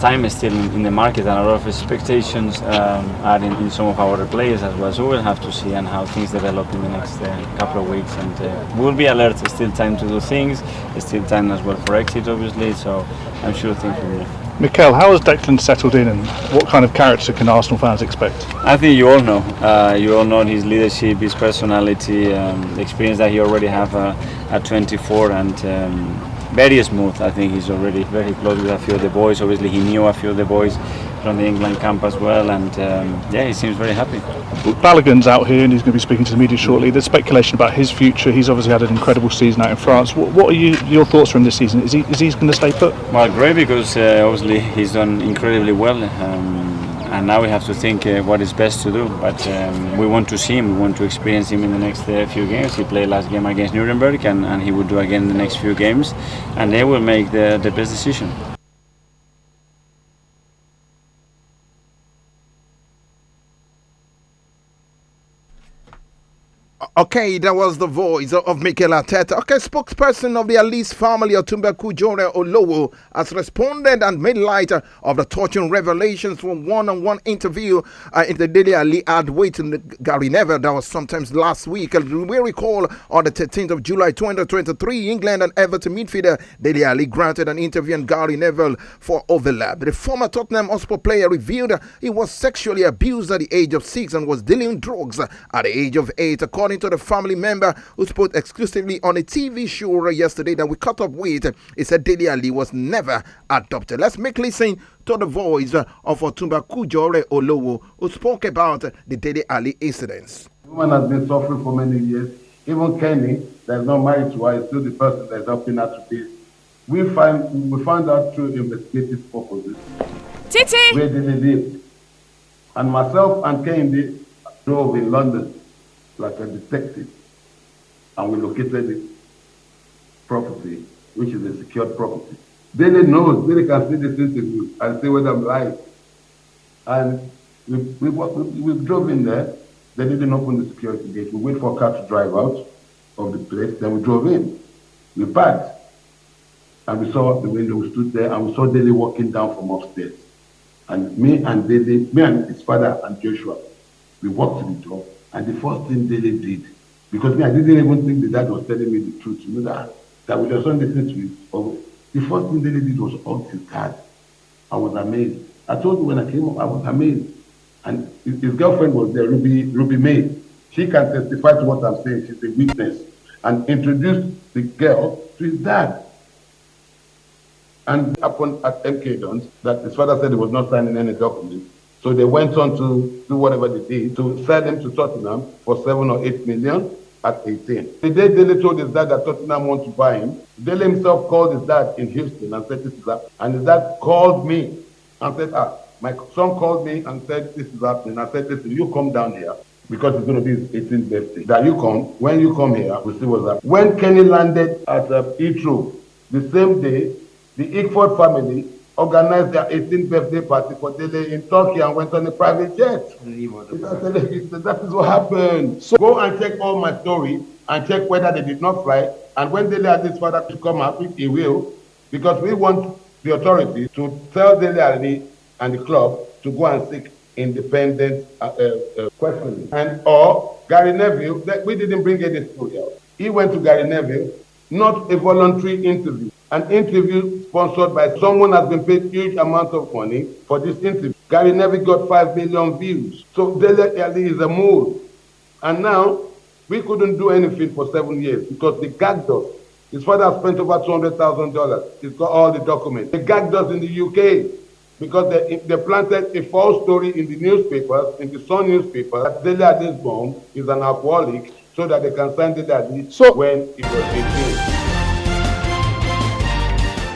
time is still in, the market, and a lot of expectations um, are in, in, some of our players as well. So we'll have to see and how things develop in the next uh, couple of weeks, and uh, we'll be alert. still time to do things. still time as well for exit, obviously. So I'm sure things will. Mikel, how has Declan settled in and what kind of character can Arsenal fans expect? I think you all know. Uh, you all know his leadership, his personality, um, the experience that he already have uh, at 24 and um, very smooth. I think he's already very close with a few of the boys. Obviously he knew a few of the boys from the England camp as well, and um, yeah, he seems very happy. Balogun's out here, and he's going to be speaking to the media shortly. There's speculation about his future. He's obviously had an incredible season out in France. What, what are you, your thoughts from this season? Is he is he going to stay put? Well, great because uh, obviously he's done incredibly well. Um, and now we have to think uh, what is best to do. But um, we want to see him, we want to experience him in the next uh, few games. He played last game against Nuremberg, and, and he will do again in the next few games, and they will make the, the best decision. Okay, that was the voice of Mikel Arteta. Okay, spokesperson of the Alice family, Otumba Kujora Olowo, has responded and made light of the torturing revelations from one-on-one interview uh, in the Daily Ali Adwait wait in Gary Neville. That was sometimes last week. And we recall on the 13th of July 2023, England and Everton midfielder Daily Ali granted an interview on Gary Neville for overlap. The former Tottenham Hotspur player revealed he was sexually abused at the age of six and was dealing drugs at the age of eight, according to a family member who spoke exclusively on a TV show yesterday that we caught up with. He said Dele Ali was never adopted. Let's make listen to the voice of Otumba Kujore Olowo, who spoke about the Dele Ali incidents. The woman has been suffering for many years. Even Kenny, that is not married to her, is still the person that is helping her today. We find we found out through investigative purposes. Titi! Where he live? And myself and Kenny drove in London like a detective, and we located the property, which is a secured property. Then they know, then they can see the CCTV and see whether I'm lying. And we, we, we, we drove in there, they didn't open the security gate. We wait for a car to drive out of the place, then we drove in. We parked, and we saw the window, we stood there, and we saw Dele walking down from upstairs. And me and Dele, me and his father and Joshua, we walked to the door, and the first thing Dele did, because me, I didn't even think the dad was telling me the truth. You know that that we just do the first thing Dele did was hug his dad. I was amazed. I told you when I came up, I was amazed. And his, girlfriend was there, Ruby Ruby May. She can testify to what I'm saying. She's a witness. And introduced the girl to his dad. And upon at MK Dons, that his father said he was not signing any document so they went on to do whatever they did to sell him to Tottenham for seven or eight million at 18. The day Dele told his dad that Tottenham want to buy him, Dele himself called his dad in Houston and said, This is up. And his dad called me and said, Ah, my son called me and said, This is happening. I said, Listen, you come down here because it's going to be his 18th birthday. That you come, when you come here, we'll see what's up. When Kenny landed at uh, Heathrow, the same day, the Ickford family organized their 18th birthday party for Dele in Turkey and went on a private jet. That is what happened. So go and check all my story and check whether they did not fly. And when Dele had this father to come up, he will, because we want the authority to tell Dele Ali and the club to go and seek independent uh, uh, uh, questioning. And or Gary Neville, that we didn't bring any story out. He went to Gary Neville, not a voluntary interview an interview sponsored by someone has been paid huge amounts of money for this interview. Gary Neville got 5 million views. So Dele Ali is a mole. And now, we couldn't do anything for seven years because they gagged us. His father spent over $200,000. He's got all the documents. They gagged us in the UK because they, they planted a false story in the newspapers, in the Sun newspaper, that Dele Ali's born is an alcoholic so that they can send Dele Ali so when he was 18.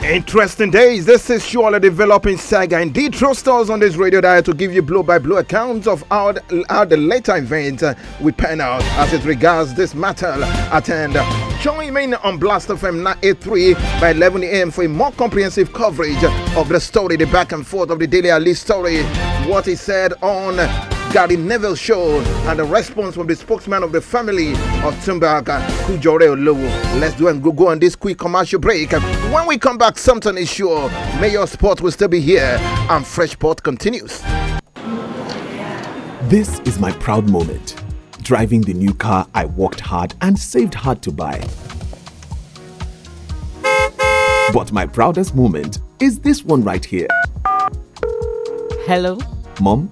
Interesting days. This is surely developing saga. Indeed, true stars on this radio dial to give you blow by blow accounts of how, how the later events uh, will pan out as it regards this matter at hand. Join me on Blast FM 983 by 11 a.m. for a more comprehensive coverage of the story, the back and forth of the Daily Ali story, what he said on Gary Neville Show, and the response from the spokesman of the family of Tumbaga, Kujore Olowo. Let's do and go, go on this quick commercial break. When we come back, something is sure. Mayor Sport will still be here, and Fresh Port continues. This is my proud moment. Driving the new car I worked hard and saved hard to buy. But my proudest moment is this one right here. Hello? Mom,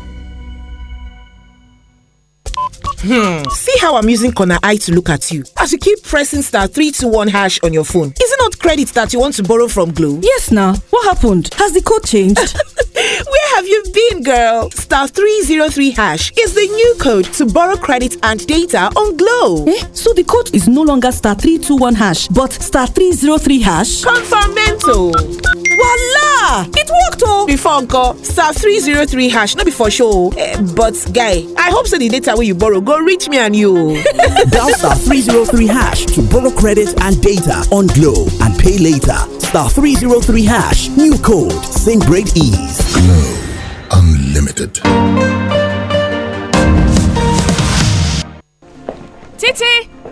Hmm. See how I'm using corner eye to look at you as you keep pressing star 321 hash on your phone. Is it not credit that you want to borrow from Glow? Yes, now. What happened? Has the code changed? Where have you been, girl? Star 303 hash is the new code to borrow credit and data on Glow. Eh? So the code is no longer star 321 hash, but star 303 hash? Confirmento. Voila! It worked, oh! Before, uncle, star 303 hash, not before show. Uh, but, guy, I hope so the data will you borrow go reach me and you. Dial star 303 hash to borrow credit and data on Glow and pay later. Star 303 hash, new code, same great ease. Glow Unlimited. Titi!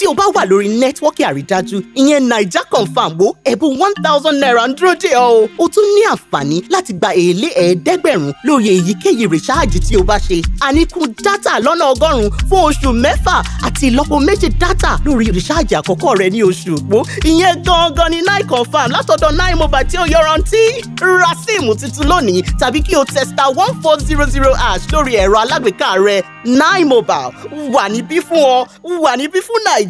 tí o bá wà lórí nẹ́tíwọ́kì àrídájú ìyẹn naija confam wo ẹ̀bùn one thousand naira ń dúró dè o o tún ní àǹfààní láti gba èlé ẹ̀ẹ́dẹ́gbẹ̀rún lórí èyíkéyìí rìsáàjì tí o bá ṣe àníkù dátà lọ́nà ọgọ́rùn-ún fún oṣù mẹ́fà àti ìlọ́po méje dátà lórí rìsáàjì àkọ́kọ́ rẹ ní oṣù òpó ìyẹn gangan ni nine confam látọ̀dọ̀ nine mobile tí ó yọrantí ra síìmù tuntun lónìí tàbí kí o tẹ star one four zero zero ash lórí ẹ̀rọ alágbèéká rẹ nine mobile wà níbí fún ọ wà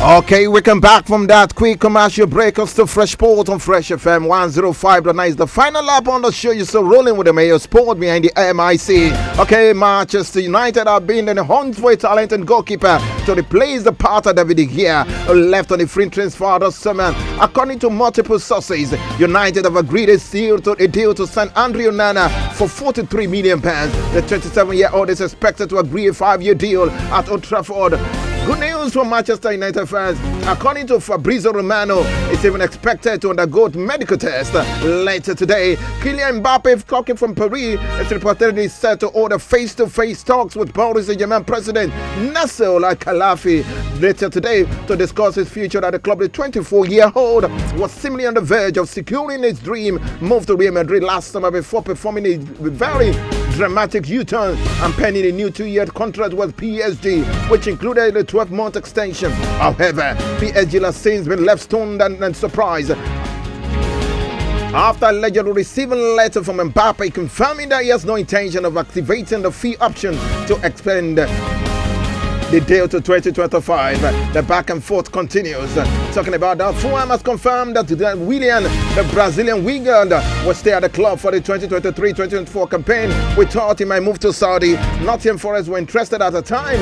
Okay, we come back from that quick commercial break. Us to Fresh Port on Fresh FM 105.9. is the final lap on the show. You're still rolling with the Mayor Sport behind the MIC. Okay, Manchester United are being in the hunt for a talented goalkeeper to replace the part of David here uh, left on the free transfer this summer. According to multiple sources, United have agreed a deal to, a deal to sign Andrew Nana for 43 million pounds. The 27-year-old is expected to agree a five-year deal at Old Trafford Good news for Manchester United fans. According to Fabrizio Romano, it's even expected to undergo medical test later today. Kylian Mbappe, talking from Paris, is reportedly set to order face-to-face talks with Boris and germain president Nasser Al-Khelafi later today to discuss his future at the club. The 24-year-old was seemingly on the verge of securing his dream move to Real Madrid last summer before performing a very dramatic U turn and penning a new two year contract with PSG, which included a 12 month extension. However, PSG has since been left stunned and, and surprised after allegedly receiving a letter from Mbappe confirming that he has no intention of activating the fee option to extend the deal to 2025. The back and forth continues. Talking about that, Fulham has confirmed that William, the Brazilian winger, will stay at the club for the 2023-2024 campaign. We thought he might move to Saudi. Nottingham Forest were interested at the time.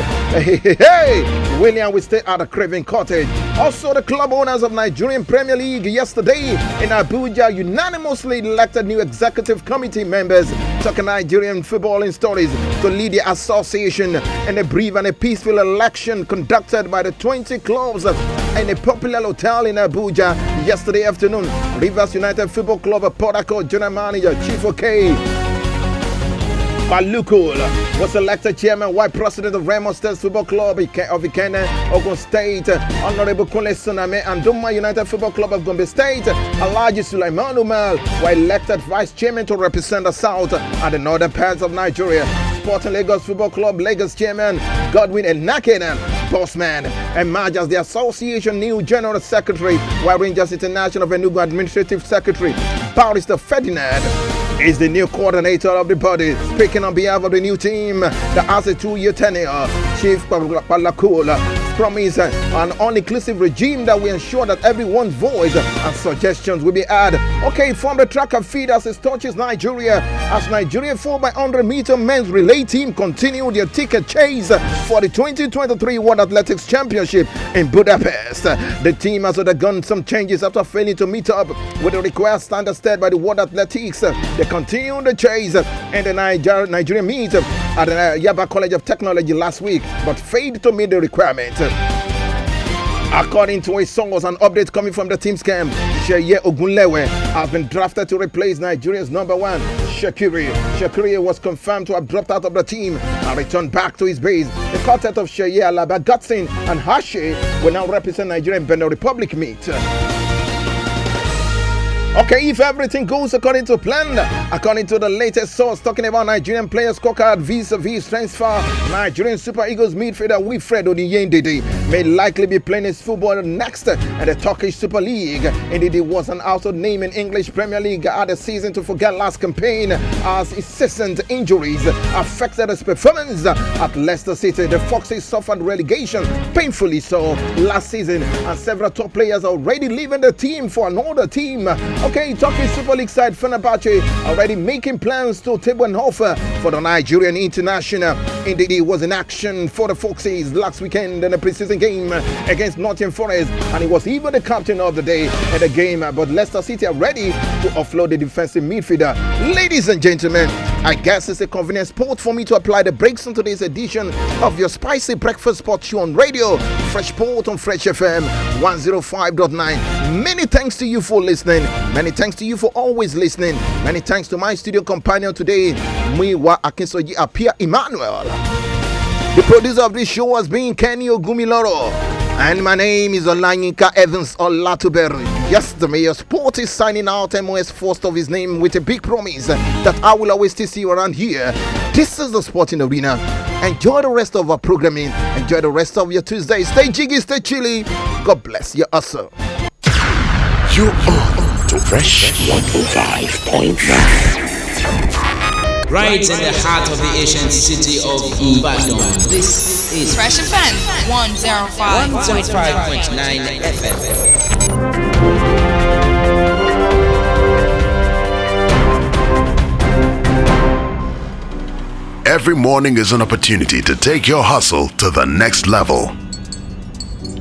Hey, William will stay at the Craven Cottage. Also, the club owners of Nigerian Premier League yesterday in Abuja unanimously elected new executive committee members. Talking Nigerian footballing stories to lead the association in a brief and a peaceful election conducted by the 20 clubs in a popular hotel in Abuja yesterday afternoon. Rivers United Football Club Port Harcourt General Manager Chief OK Balukul was elected chairman while president of Raymond State Football Club of Ikene, Ogun State, Honorable Kunle Suname and Duma United Football Club of Gombe State, Alaji Sulaiman Umal were elected vice chairman to represent the south and the northern parts of Nigeria. Sporting Lagos Football Club, Lagos Chairman Godwin Enakenen, Bossman emerged as the Association new General Secretary, while Rangers International Enugu Administrative Secretary Barrister Ferdinand is the new coordinator of the body. Speaking on behalf of the new team that has a two-year tenure, Chief Palakula promise uh, an all-inclusive regime that will ensure that everyone's voice and suggestions will be heard. Okay, from the track and field as it touches Nigeria, as Nigeria 4 by 100 meter men's relay team continue their ticket chase for the 2023 World Athletics Championship in Budapest. The team has undergone some changes after failing to meet up with the required standards set by the World Athletics. They continue the chase in the Niger Nigerian meet at the Yaba College of Technology last week, but failed to meet the requirement. According to a source, an update coming from the team's camp, Sheye Ogunlewe has been drafted to replace Nigeria's number one, Shakiri. Shakiri was confirmed to have dropped out of the team and returned back to his base. The quartet of Sheye Alaba, Gutsin, and Hashi will now represent Nigeria in Benin Republic meet. Okay, if everything goes according to plan, according to the latest source talking about Nigerian players scorecard vis-a-vis transfer, Nigerian Super Eagles midfielder Wilfred Odiyendede may likely be playing his football next at the Turkish Super League. Indeed, was an also named in English Premier League at the season to forget last campaign as incessant injuries affected his performance at Leicester City. The Foxes suffered relegation, painfully so, last season, and several top players already leaving the team for another team. Okay, talking Super League side Fenerbahce already making plans to table an offer uh, for the Nigerian international. Indeed, he was in action for the Foxes last weekend in a preseason game against Nottingham Forest, and he was even the captain of the day at the game. But Leicester City are ready to offload the defensive midfielder. Ladies and gentlemen, I guess it's a convenient spot for me to apply the brakes on today's edition of your spicy breakfast spot show on radio, Fresh Port on Fresh FM 105.9. Many thanks to you for listening. Many thanks to you for always listening. Many thanks to my studio companion today, Miwa Akinsoji Apia Emmanuel. The producer of this show has been Kenny Ogumiloro. And my name is Olanyika Evans Olatuberi. Yes, the mayor sport is signing out MOS first of his name with a big promise that I will always see you around here. This is the sporting arena. Enjoy the rest of our programming. Enjoy the rest of your Tuesday. Stay jiggy, stay chilly. God bless your also. You are on to Fresh 105.9 right in the heart of the ancient city of Ibadan. This is Fresh Offense 105.9 FM. Every morning is an opportunity to take your hustle to the next level.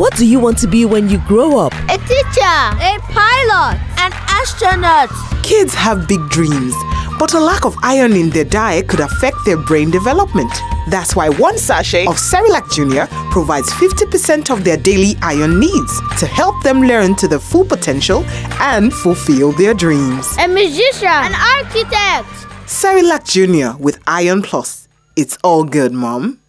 What do you want to be when you grow up? A teacher, a pilot, an astronaut. Kids have big dreams, but a lack of iron in their diet could affect their brain development. That's why one sachet of Cerilac Junior provides 50% of their daily iron needs to help them learn to their full potential and fulfill their dreams. A musician, an architect. Cerilac Junior with Iron Plus. It's all good, Mom.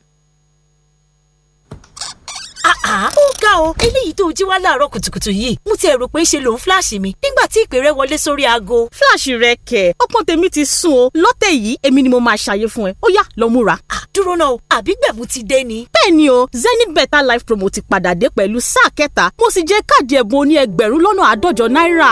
Ah, ah. ó ga o eléyìí tó jí wá láàárọ̀ kùtùkùtù yìí mo ti rò pé ṣe lòun fíláàṣì mi nígbà tí ìpè rẹ wọlé sórí aago. fíláàṣì rẹ kẹ ọpọ́n tèmi ti sùn o lọ́tẹ̀ yìí èmi ni mo máa ṣàyè fún ẹ ó yá lọ múra. Ah, dúró náà àbí gbẹ̀bù ti dé ni. bẹ́ẹ̀ o zenith better life promo ti padà dé pẹ̀lú sáà kẹta mo sì jẹ káàdì ẹ̀bùn oní ẹgbẹ̀rún lọ́nà àádọ́jọ náírà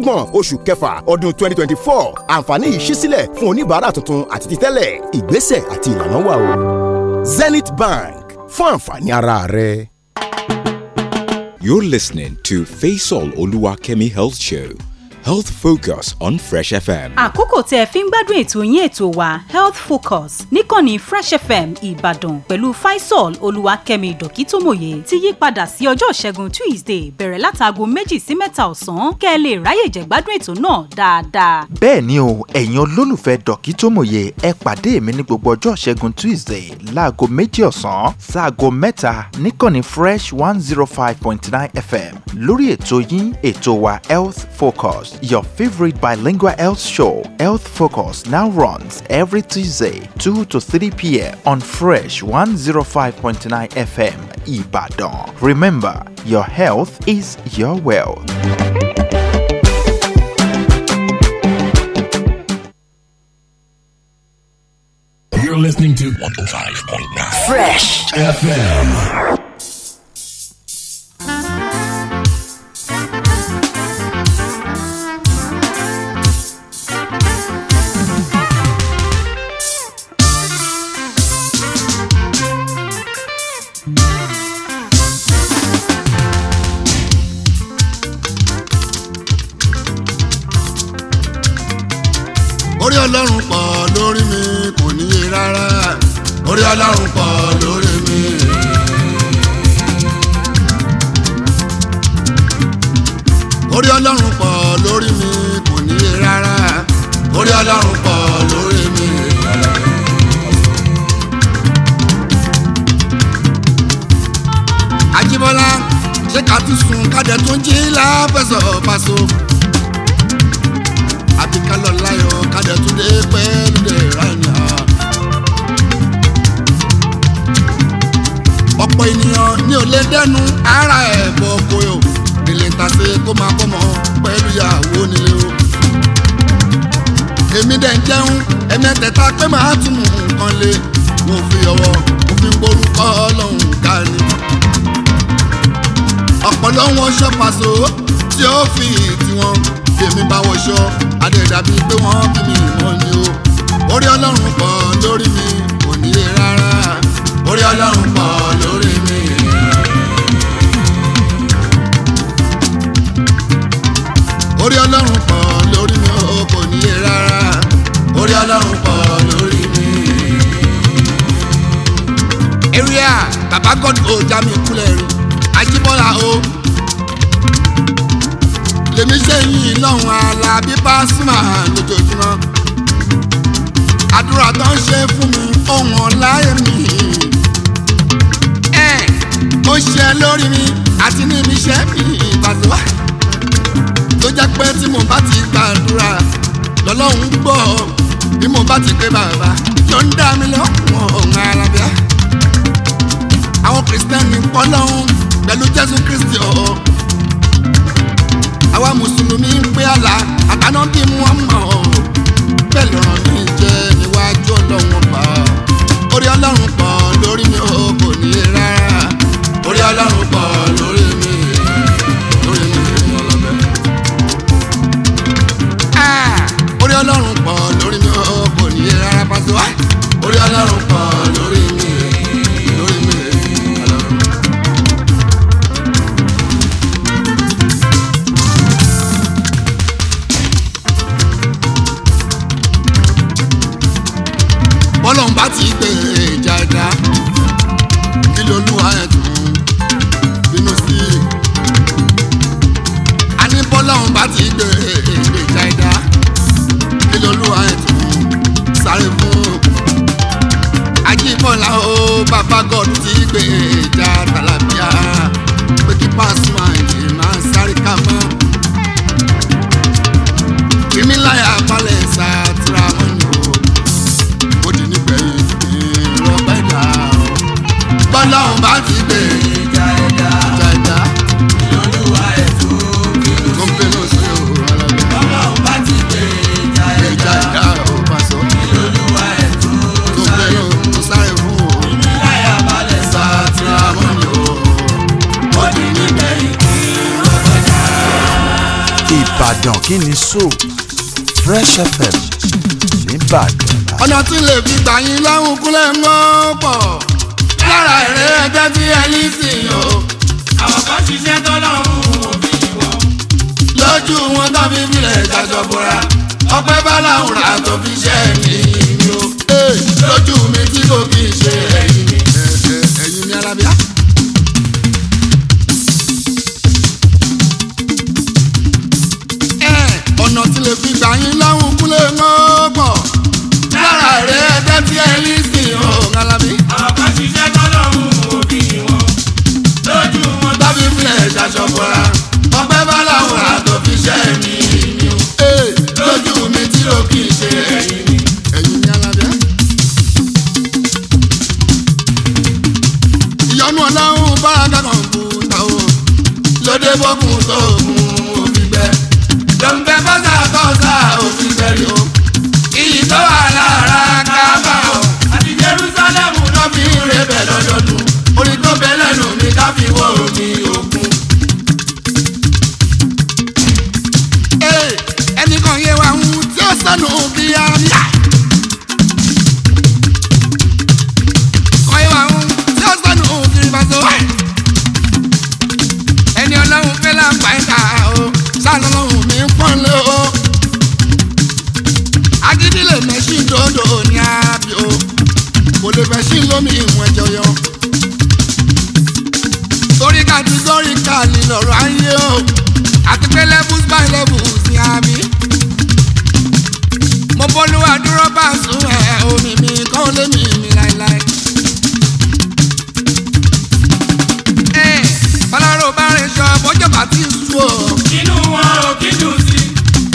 kọkànlélọ́gbọ̀n oṣù kẹfà ọdún twenty twenty four àǹfààní yìí ṣí sílẹ̀ fún oníbàárà tuntun àti títẹ́lẹ̀ ìgbésẹ̀ àti ìlànà wà o. Zenith Bank fún àǹfààní ara rẹ. You're listening to Faisal Oluwakemi Health Show. Health Focus on Fresh FM. Àkókò tẹ́ ẹ fi ń gbádùn ètò yín ètò wa Health Focus níkànnì Fresh FM Ìbàdàn pẹ̀lú Faisal Olúwakẹ́mi Dọ̀kítọ́mọ̀yé ti yí padà sí ọjọ́ Ìṣẹ́gun Tuesday bẹ̀rẹ̀ látàgò méjì sí mẹ́ta ọ̀sán kẹ́ ẹ lè ráyè jẹ́ gbádùn ètò náà dáadáa. Bẹ́ẹ̀ ni o, ẹ̀yin olólùfẹ́ Dọ̀kítọ́mọ̀yé ẹ pàdé mi ní gbogbo ọjọ́ Ìṣẹ́gun Tuesday láago méjì ọ̀sán sáago mẹ́ta níkànnì Fresh one zero five point nine FM lórí ètò yín ètò wa Health Focus your favorite bilingual health show, Health Focus, now runs every Tuesday, 2 to 3 p.m. on Fresh 105.9 FM, Ibadan. Remember, your health is your wealth. You're listening to 105.9 Fresh FM. and on him one sanu bia ya. kọ́yíwá ń tí ó sanu òfin ìbáṣọ. o sálọ lọ́hùn mi ń pọ́n lé o. agídílé o kò lè fẹ́ sí lómi ìwọ̀n jọyọ. torí kàtígọ́rì kan ni lọ́rọ̀ ayé o àti pé levels by levels ni àbí bọ́bọ́lúwà dúró bá sùn ẹ̀ omi mi kàn lé mi mi láéláé. balaro bá rìn sọ bọ́jọba tí ń sùn o. inú wọn ò kí dùn sí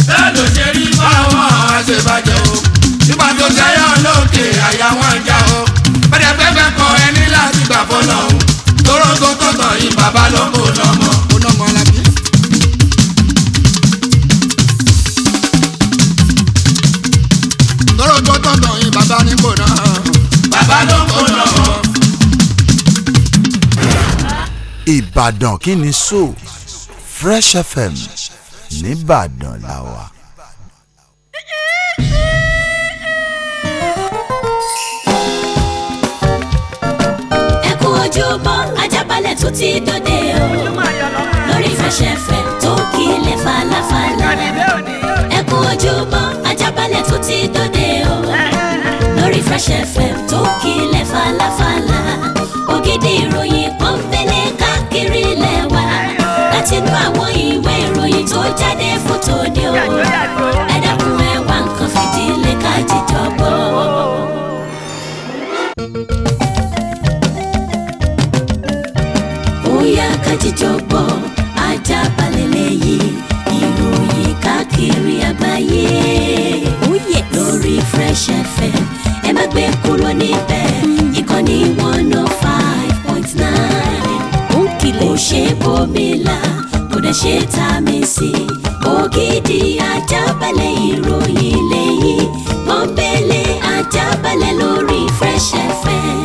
bẹ́ẹ̀ ló ṣe rí báwọn àṣebàjẹ́ o. nígbà tó jẹyọ lókè àyà wọn já o. bẹ́ẹ̀ fẹ́fẹ́ kọ ẹni láti gbà fọlọ́hún. toróńtó tọ̀tàn yìí bàbá ló lọ́mọ. Ìbàdàn kí ni sọ Fresh FM nìbàdàn la wà. ẹ kú ojúmọ́ ajábalẹ̀ tó ti dòde o lórí Fresh FM tó kílẹ̀ falafala ẹ kú ojúmọ́ ajábalẹ̀ tó ti dòde o lórí Fresh FM tó kílẹ̀ falafala ògidì ìròyìn kan káàkiri ilẹ̀ wa láti inú àwọn ìwé ìròyìn tó jáde fótó ni o ẹ dákun ẹ wá nǹkan ká jíjọ gbọ́. bóyá ká jíjọ gbọ́ ajá balẹ̀ lẹ́yìn ìròyìn káàkiri àgbáyé oh, lórí Fresh FM ẹ má gbé kúrò níbẹ̀ ìkànnì one oh five ṣe bòmílà kò dẹ̀ ṣe ta mi sí ògidì ajábalẹ̀ ìròyìn lẹ́yìn pọ́npẹ́lẹ́ ajábalẹ̀ lórí Fresh FM.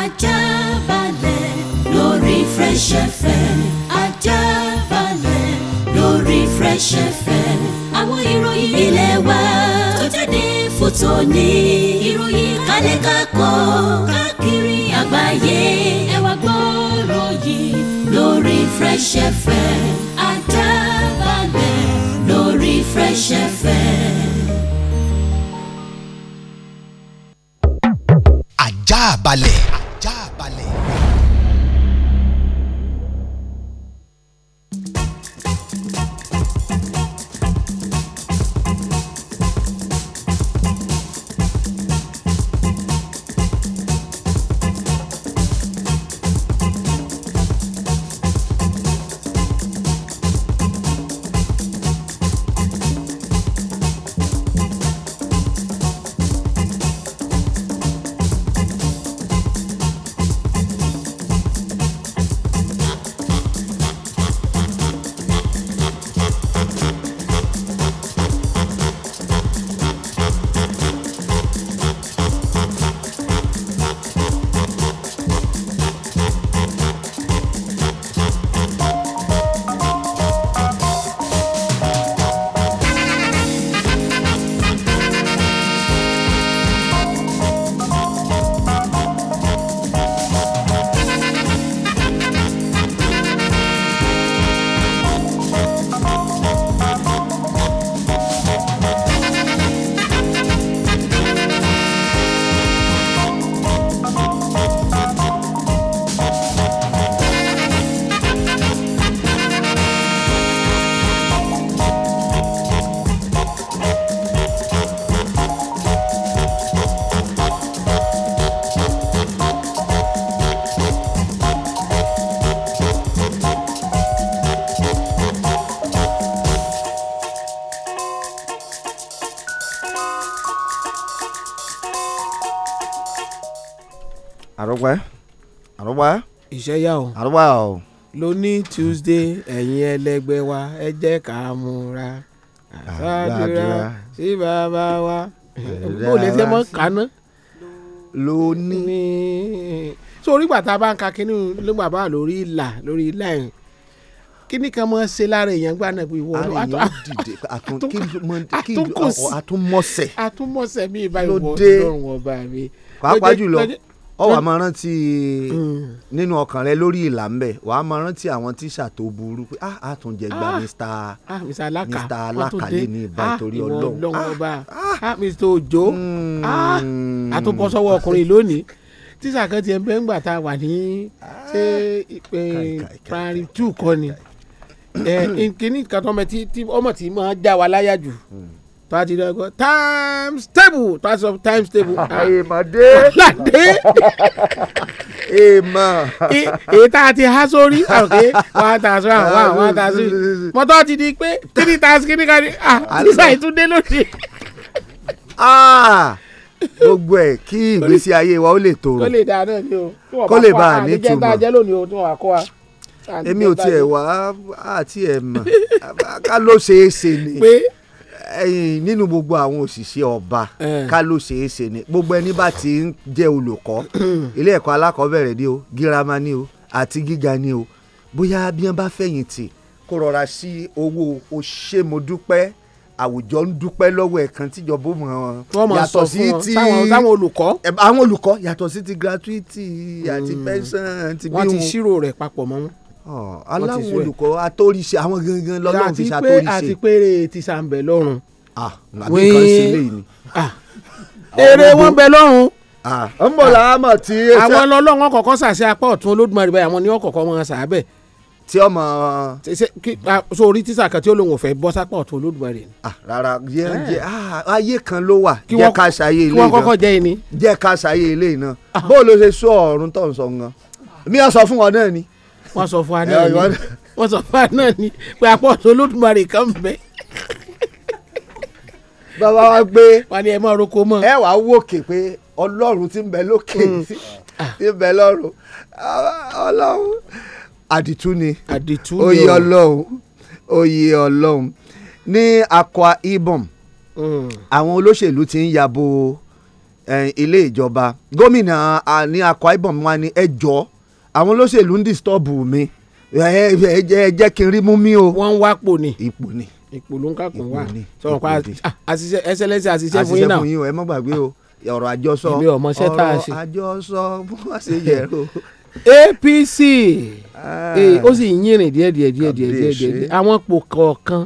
Ajábalẹ̀ lórí Fresh FM Ajábalẹ̀ lórí Fresh FM àwọn ìròyìn ilé wa jáde fòtò ní ìròyìn kálẹ̀ kákọ́ káàkiri àgbáyé ẹ wá gbọ́rọ̀ yìí lórí Fresh FM Ajaabale lórí Fresh FM. Ajaabale. ìṣẹ́yà o. àrùwá o. lóní tuesday ẹ̀yin ẹlẹgbẹ́ wa ẹ jẹ́ ká múra àdúrà sí bàbá wa. bó lè ṣe mọ́ kaná. lóní. so orígbà bá ń ka kínní nígbà bá lórí ìlà lórí ìlà yẹn kíní kan máa ń lára èèyàn gbà náà pé ìwọ ọdún àtúnkùnsì àtúnmọ̀sẹ̀ mi ìbáyọ̀ wọ̀ ọdún ọ̀run ọba mi. pàápàá jùlọ ọ wàá máa rántí mm. nínú ọkàn rẹ lórí ìlà ń bẹ wàá máa rántí àwọn tíṣà tó burú pé ah àtúnjẹ gba ah, mr ah, alákàlẹ́ ní ìbá ah, ìtorí ọlọ́run ah mr ojo mm. ah àtúnbọ̀sọ́wọ́ ọkùnrin lónìí tíṣà kan tiẹ̀ ń bẹ́ ń gbà tá a wà ní ṣé primary two kọ́ ni nkíní eh, kan tó ọmọ tí ọmọ tí máa já wa láyà jù mm tó a times table tó a times table. èèmọ̀ dé. ọ̀là dé. èèmọ̀. èyí tá a ti há sórí àwòké one thousand one one one thousand three mọ́tò ti di pé three thousand kìíní kan ní ah nígbà ìtúndé lónìí. gbogbo ẹ kí ìgbésí ayé wa ó lè tòrò kó lè dáa náà ni o kó lè bá a ní túmọ̀ àníjẹ́ta jẹ́ lónìí o tí wọ́n wá kó wa èmi ò tiẹ̀ wá àti ẹ̀ mọ̀ ká ló ṣeé ṣe ni. pé nínú gbogbo àwọn òṣìṣẹ́ ọba ká ló ṣeé ṣe ni gbogbo ẹni bá ti ń jẹ́ olùkọ́ ilé ẹ̀kọ́ alákọ̀ọ́bẹ̀rẹ̀ ni o girama ni o àti gíga ni o bóyá bí wọ́n bá fẹ̀yìntì kó rọra sí owó o ṣé mo dúpẹ́ àwùjọ ń dúpẹ́ lọ́wọ́ ẹ̀kan tíjọba mọ̀ ọ́n yàtọ̀ sí ti àwọn olùkọ́ àwọn olùkọ́ yàtọ̀ sí ti gratuity àti mm. pension ti bí wọn. wọ́n ti ṣírò rẹ̀ papọ̀ mọ́ wọn aláwọn olùkọ́ atóríṣe àwọn gangan lọ́lọ́run fi ṣàtóríṣe. àti péré ti sàǹbẹ̀ lọ́rùn. wíìn èrè wọn bẹ lọ́run ń bọ̀ làá mọ̀ tí. àwọn lọ́lọ́wọ́n kọ̀ọ̀kan ṣàṣẹ apá ọ̀tún olódùmarè báyìí àwọn ni wọ́n kọ̀ọ̀kan wọn ṣàbẹ̀. tí ọmọ. so orí tíṣà kan tí ó lóun ò fẹ́ bọ́ sápá ọ̀tún olódùmarè. rárá jẹ jẹ eh. ayé kan ló wà jẹ ká ṣayé ilé iná kí wọ́n kọ́kọ́ jẹ ìní. jẹ ká ṣayé wọ́n sọ fún wa náà ni wọ́n sọ fún wa ni pé àpọ̀tò olódùmarè kan ń bẹ. bàbá wa gbé wà ní ẹ mọ oroko mọ. ẹ wàá wòkè pé ọlọ́run ti ń bẹ lókè mm. ti ń bẹ lọ́run ọlọ́run àdìtú ni oyè ọlọ́run oyè ọlọ́run ní Akwa Ibom mm. àwọn olóṣèlú ti ń yabo eh, ilé ìjọba gómìnà ah, ní Akwa Ibom wà ní ẹjọ́. E àwọn olóṣèlú ń disturb mi ẹ ẹ jẹ́ kí n rí mú mi o. wọ́n ń wá pò ní. ipò ní. ipò ló ń kàkùn wá sọ̀rọ̀ pa àṣìṣe ẹsẹ̀lẹ́sẹ̀ àṣìṣe fún yín náà. àṣìṣe fún yín o ẹ má gbàgbé o ọ̀rọ̀ àjọsọ ọ̀rọ̀ àjọsọ bó wá yẹ o. APC ah. ó sì yìnrìn díẹ̀ díẹ̀ díẹ̀ díẹ̀ díẹ̀ díẹ̀ àwọn pò kọ̀ọ̀kan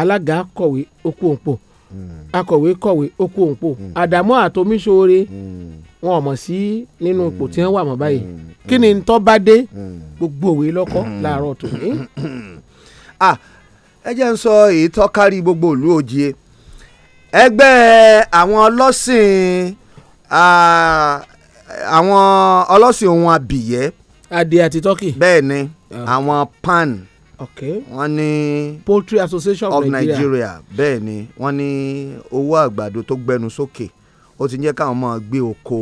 alága kọ̀wé okú òǹpò hmm. akọ̀wé kọ̀wé okú òǹpò hmm. Àdàmú àtòmíṣoore hmm. wọn ò mọ̀ sí nínú ipò tí wọ́n wà mọ́ báyìí kí ni ntọ́ mm. bá dé mm. gbogbo òwe lọ́kọ́ mm. láàárọ̀ tòní. ẹ jẹ́ ń sọ èyí tó kárí gbogbo ìlú òjìye ẹgbẹ́ àwọn ọlọ́sìn àwọn ọlọ́sìn ohun abìyẹ́. adìẹ àti turkey. bẹ́ẹ̀ ni ah. àwọn pan okay. wọ́n ní poultry association of nigeria, nigeria. bẹ́ẹ̀ ni wọ́n ní owó àgbàdo tó gbẹnu sókè ó ti ń jẹ́ káwọn máa gbé oko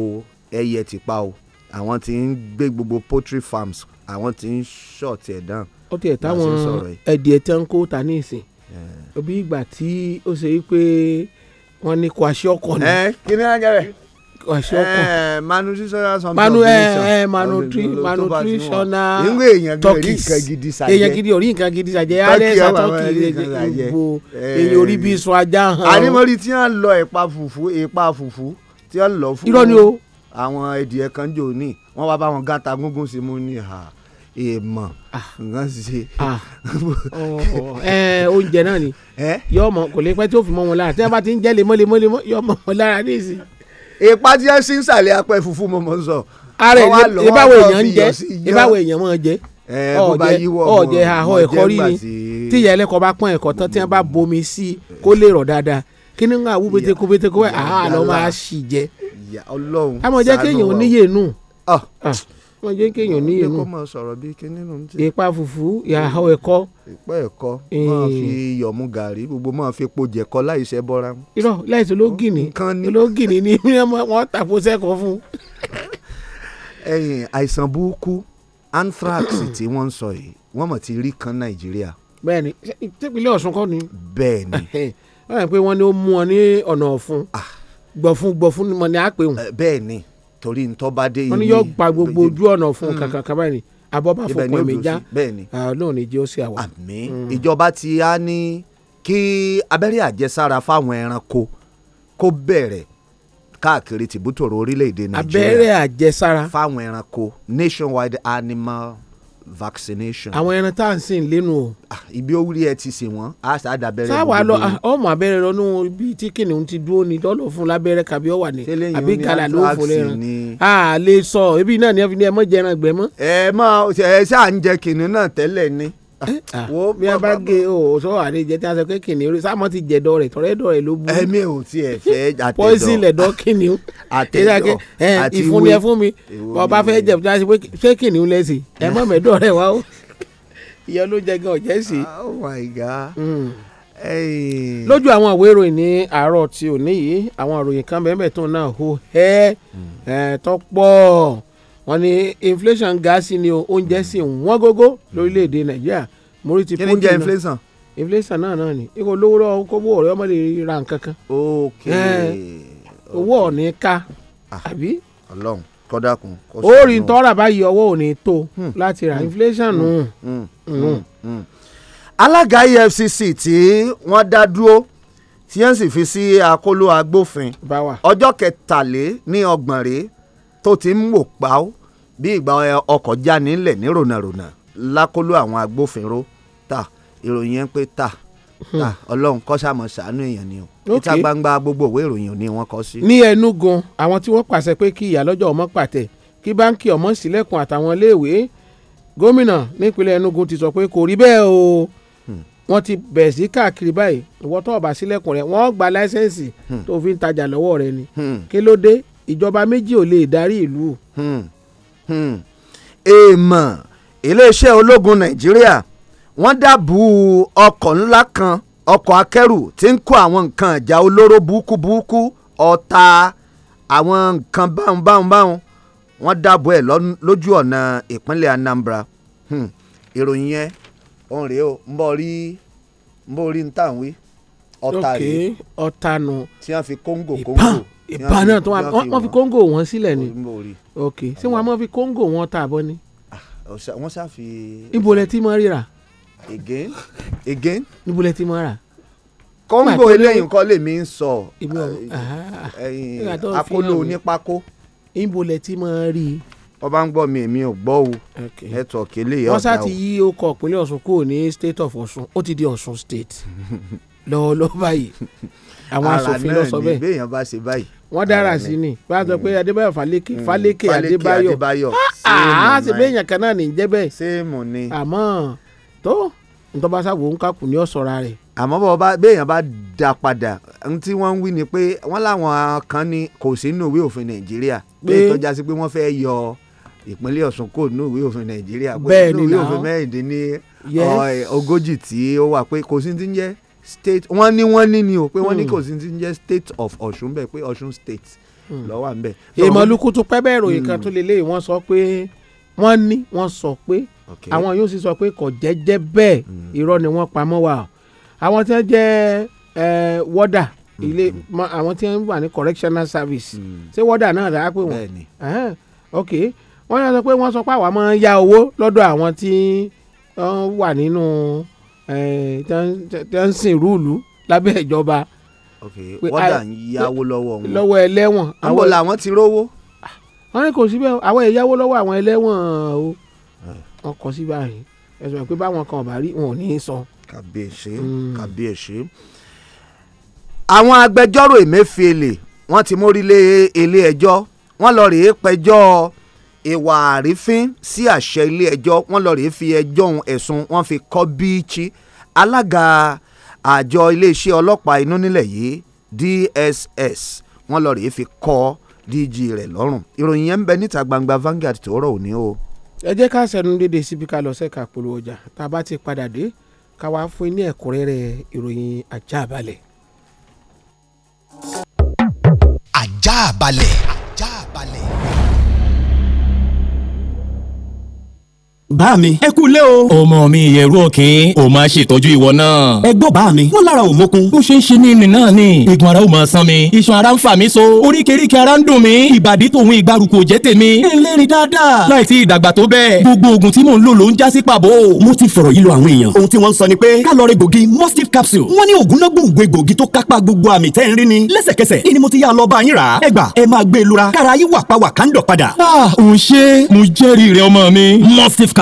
ẹyẹ tìpa o àwọn tí ń gbé gbogbo poultry farms àwọn tí ń ṣọ̀tì ẹ̀ down. ó tiẹ̀ táwọn ẹ̀dìẹ̀ tí wọ́n kó ta ní ìsìn eh. bí ìgbà tí ó ṣe pé wọ́n ní kwasi ọkọ̀ ni. ẹ eh, kí ni ajá rẹ. kwasi ọkọ̀ ẹ manu sisọra something. manu ẹ ẹ manu tri manu tri sọna turkeys èèyàn gidi orí nǹkan gidi sàjẹ alẹ́ sa turkey gbogbo eh. èèyàn orí bíi sọ ajá hàn. àní mo rí tí wọ́n lọ ìpa fùfú ìpa fùfú tí wọ́n lọ fún. irọ́ ni o àwọn ẹdìyẹ kan jò ní wọ́n wá bá wọn gàtà gúngún sí mú ní ha èèmọ̀ nǹkan ṣe. oúnjẹ náà ni yọ ọmọ kò lè pẹ́ tí ó fi mọ́ wọn lára tí wọ́n bá ti ń jẹ́ lemọ́lemọ́lemọ́ yọ ọmọ wọn lára ní ìsìn. ìpa tí ẹ sì ń sàlẹ̀ apẹ́ funfun mo mọ̀ sọ. ara ẹ ìbáwọ̀ èèyàn ń jẹ ìbáwọ̀ èèyàn mọ̀ ń jẹ ọ̀jẹ̀ àhọ́ ẹ̀kọ́ rí ni tí ìyá ẹlẹ́kọ̀ọ́ bá pọ́n ẹ̀kọ́ tán tí wọ́n bá bomi sí kó lè rọ̀ dáadáa kí ni ń wá wú bétekú bétekú ẹ̀ àá lọ́ máa ṣì jẹ ìyá ọlọ́run. a mọ̀ ah. jẹ́ kéèyàn oníyè nù. a mọ̀ jẹ́ kéèyàn oníyè nù. ọmọ sọ̀rọ̀ bíi kíní nù. ìpa fùfú ìyàwó ẹ̀kọ́. ìpa ẹ̀kọ́ eh. máa fi iyọ̀ mu gàrí gbogbo máa fi epo jẹ̀kọ́ láìṣẹ́ bọ́ra. irọ́ láìsí ológìní ológìní ni wọ́n tàpó sẹ́kọ̀ọ́ fún. ẹ̀yin àìsàn burúkú anthrax tí wọ́n ń sọ yìí wọ́n mọ̀ ti rí kan nàìjíríà. bẹ́ẹ̀ni tẹpilẹ Ọ̀ṣun kọ́ gbọ̀fun gbọ̀fun ni a ní àpè wọn. bẹ́ẹ̀ ni torí ntọ́ bá dé yìí. wọ́n ní yóò gba gbogbo ojú ọ̀nà fún kankan kaba ni abọ́bá fọkàn mi já ah, náà ni jẹ́ ó sì àwọ̀. àmín mm. ìjọba ti á ní kí abẹ́rẹ́ àjẹsára fáwọn ẹranko kó bẹ̀rẹ̀ káàkiri tìbútòrò orílẹ̀-èdè nàìjíríà abẹ́rẹ́ àjẹsára fáwọn ẹranko nationwide animal vaccination. àwọn ẹran tá à ń sìn lẹ́nu o. Ah, ibi owúrí ẹ ti sìn wọ́n a sá da abẹ́rẹ́. sáwà lọ ah, ọmọ abẹ́rẹ́ lọ nù bí tí kìnìún ti dúró ni lọ́lọ́ fún lábẹ́rẹ́ kàbí ọ̀wà ni àbí gàlà ló fún lẹ́ran. a lè sọ ebi náà ni ẹ fi ní ẹ mọ̀ jẹran gbẹ ẹ máa ẹ ṣáà ń jẹ kìnìún náà tẹ́lẹ̀ ni. Eh, ah. wo bí a bá gé o sọ àríjẹ tí a sọ pé kìnìún rí sáà mo ti jẹ̀dọ̀ rẹ̀ tọ́rẹ́dọ̀ rẹ̀ ló bú. ẹ̀mí ò tiẹ̀ fẹ́ àtẹ̀dọ̀ pọ́ìsì lẹ̀dọ̀ kìnìún àtẹ̀dọ̀ àti ìwé ìfúnni ẹ fún mi bọ́ bá fẹ́ jẹ̀ fúnni ṣé kìnìún lẹ́sìn ẹ mọ̀ mẹ́dọ̀ rẹ̀ wá o ìyẹn ló jẹ gan ọ̀jẹ̀ sí. Ah, oh my god. Hmm. lójú àwọn ìwé ìròyìn ní àárọ̀ tí ò níyì àwọn ìròyìn kan bẹ́ẹ̀ bẹ́ẹ̀ tó náà hó hmm. ẹ́ tọ́pọ̀ wọ́n ní inflation ga sí ni o oúnjẹ sì wọ́n gógó lórílẹ̀‐èdè nàìjíríà mórí ti pọ́ńdì náà inflation inflation náà náà ni ikọ̀ olówó rọ kówó ọ̀rẹ́ ọmọ lè ra nǹkan kan. ok owó ọ̀ní ká ah, àbí. ọlọ́run kọ́dà kun. ó rí tọ́ra báyìí ọwọ́ ò ní tó hmm. láti ra hmm. inflation nù. Hmm. alága EFCC tí wọ́n dá dúró tí yẹn sì fi sí akóló agbófin ọjọ́ kẹtàlé ní ọgbọ̀n rèé tó ti ń wò páó bí ìgbà ọkọ̀ já nílẹ̀ ní rònàrònà lákòlò àwọn agbófinró ta ìròyìn yẹn pé ta hmm. ta ọlọ́run kọ́ sàmọ̀ sàánú èèyàn ni o ìta gbangba gbogbo òwe ìròyìn ni wọ́n kọ sí. ní Enugu àwọn tí wọ́n pàṣẹ pé kí ìyálọ́jọ́ ọmọ pàtẹ kí báńkì ọmọ sílẹ̀kùn àtàwọn iléèwé gómìnà nípínlẹ̀ Enugu ti sọ pé kò rí bẹ́ẹ̀ o hmm. wọ́n ti bẹ̀rẹ̀ sí káàkiri báyìí ìwọ tó ọba sílẹ̀kùn rẹ̀ wọ́n gba láísẹ̀nsì hmm. tó fi ń tajà lọ́wọ́ rẹ̀ ni kí ló dé ìjọba méjì ò lè darí ìlú. Hmm. Hmm. èèmọ̀ iléeṣẹ́ ológun nàìjíríà wọ́n dábù ọkọ̀ ńlá kan ọkọ̀ akẹ́rù tí ń kó àwọn nǹkan ìjà olóró búkúbúkú ọ̀tá àwọn nǹkan báhùn báhùn báhùn wọ́n dábù ẹ̀ lójú ọ̀nà ìpínlẹ̀ Anambra hmm. ìròyìn yẹn òun rèé o ń bọ̀ rí ń bọ̀ rí ń tàn wí ọ̀tá rèé ọ̀tá nù tí wọ́n fi kóńgò kóńgò ìbá tó wọ́n fi kóńgò wọn sílẹ̀ ni ok ṣé wọ́n á fi kóńgò wọn tà bọ́ ni. Ah, wọ́n ṣàfi. ibo lẹ ti mọ rírà. again again. ibo lẹ ti mọ rà. kóńgò eléyìí nǹkan lèmi ń sọ ah, ah, akóló onípákó. ibo lẹ ti mọ rí i ọba ń gbọ́ mi èmi ò gbọ́ o network eléyìí ọ̀gá o. wọ́n sá ti yí okọ̀ ìpínlẹ̀ Ọ̀ṣun kúrò ní state of Ọ̀ṣun ó ti di Ọ̀ṣun state lọ́wọ́lọ́wọ́ báyìí àwọn asòfin lọ sọ bẹ́ẹ̀. ara náà ni béèyàn bá ṣe báyìí wọ́n dára sí ni wọ́n á sọ pé mm. adébáyọ̀ falẹ́kẹ̀ mm. falẹ́kẹ̀ adébáyọ̀ àá ah, ah, sì bẹ́ẹ̀ yàn kan náà ní jẹ́ bẹ́ẹ̀ sẹ́ẹ̀mù ni àmọ́ tó ntọ́ba sáwò ń kakùn ní ọ̀sọ̀ra rẹ̀. àmọ́ bọ́ bá béèyàn bá dá padà n tí wọ́n ń wí ni pé wọ́n láwọn kan ní kò sí nínú ìwé òfin nàìjíríà pé ìtọ́já sí pé wọ́n fẹ́ yọ ìpínlẹ̀ ọ̀ṣun kò nínú ìwé òfin nàìjíríà pé nínú ìwé òfin mẹ́rìndínlógójì tí ó wà pé kò sí ti ń jẹ́ state wọ́n ní wọ́n ní ni o pé wọ́n ní hmm. kò sí ti ń jẹ́ state of Ọ̀ṣun bẹ́ẹ̀ pé Ọ̀ṣun state hmm. lọ́wọ́ à ń bẹ̀. ìmọ̀lùkù tún pẹ́ bẹ́ẹ̀ ròyìn kan hmm. tó lè léyìí wọ́n sọ pé wọ́n ní wọ́n sọ pé àwọn yóò sì sọ pé kò jẹ́jẹ́ bẹ́ẹ̀ irọ́ ni wọ́n pamọ́ wa o àwọn tí wọ́n jẹ́ wọ́dà ilé àwọn tí wọ́n wà ní correctional service ṣé wọ́dà náà dáa pé wọ́n ok wọ́n yà sọ pé wọ́n sọ pé àwa máa ń ya owó lọ́dọ̀ àwọn tí wọ́n wà nínú. No Eh, tí sìn rúùlù lábẹ́ ìjọba. wọ́n ń yáwó lọ́wọ́ wọn. lọ́wọ́ ẹlẹ́wọ̀n. àwọn làwọn ti rówó. Ah, wọ́n ní kò síbẹ̀ àwọn ìyáwó lọ́wọ́ àwọn ẹlẹ́wọ̀n o eh. wọ́n kọ sí báyìí ẹ̀sùn pé báwọn kan ò rí wọn ò ní í sọ. kàbíyèsí hmm. kàbíyèsí àwọn agbẹjọ́rò Emefiele wọ́n ti mórí lé ilé ẹjọ́ wọ́n lọ rèé pẹjọ́ ìwà àrífín sí àṣẹ ilé ẹjọ́ wọ́n lọ rèé fi ẹjọ́ ohun ẹ̀sùn wọ́n fi kọ́ bíìchì alága àjọ iléeṣẹ́ ọlọ́pàá inú nílẹ̀ yìí DSS wọ́n lọ rèé fi kọ́ DG rẹ̀ lọ́rùn ìròyìn yẹn ń bẹ níta gbangba Vanguard tó rọ̀ òní o. ẹ jẹ́ ká sẹ́nu dédé síbi ká lọ sẹ́ka polówó ọjà tá a bá ti padà dé ká wá fún ní ẹ̀kúnrẹ́rẹ́ ìròyìn ajá balẹ̀. ajá balẹ̀. ajá balẹ̀. bá mi. ẹ kú lé o. ọmọ mi ìyẹ̀rú òkín ò máa ṣètọ́jú ìwọ náà. ẹ gbọ́ bá mi. wọ́n lára ò mókun. ó ṣe ń ṣe ní ìrìn náà ni. igun ara ò máa san mi. iṣan ara ń fà mí so. oríkèéríkèé ara ń dùn mí. ìbàdí tòun ìgbàrúkọ jẹ́ tèmi. ẹlẹ́rìí dáadáa. láì sí ìdàgbà tó bẹ́ẹ̀. gbogbo oògùn tí mò ń lò ló ń já sí pàbó. mo ti fọ̀rọ̀ yìí lọ àwọn èèyàn. ohun tí wọ́n sọ ni pé kálọ̀rì gbòógì mustif capsule. wọ́n ní oògùn náà gbòǹgbò egbòogi tó kápá gbogbo àmì tẹ́ ń rí ni. lẹ́sẹ̀kẹsẹ̀ ni mo ti yá lọ bá yín rà ẹ gbà ẹ máa gbé e lura. kára yín wà pa wà kándọ̀ padà. ah òun ṣe mo jẹ́rìí rẹ ọmọ mi. mustif capsule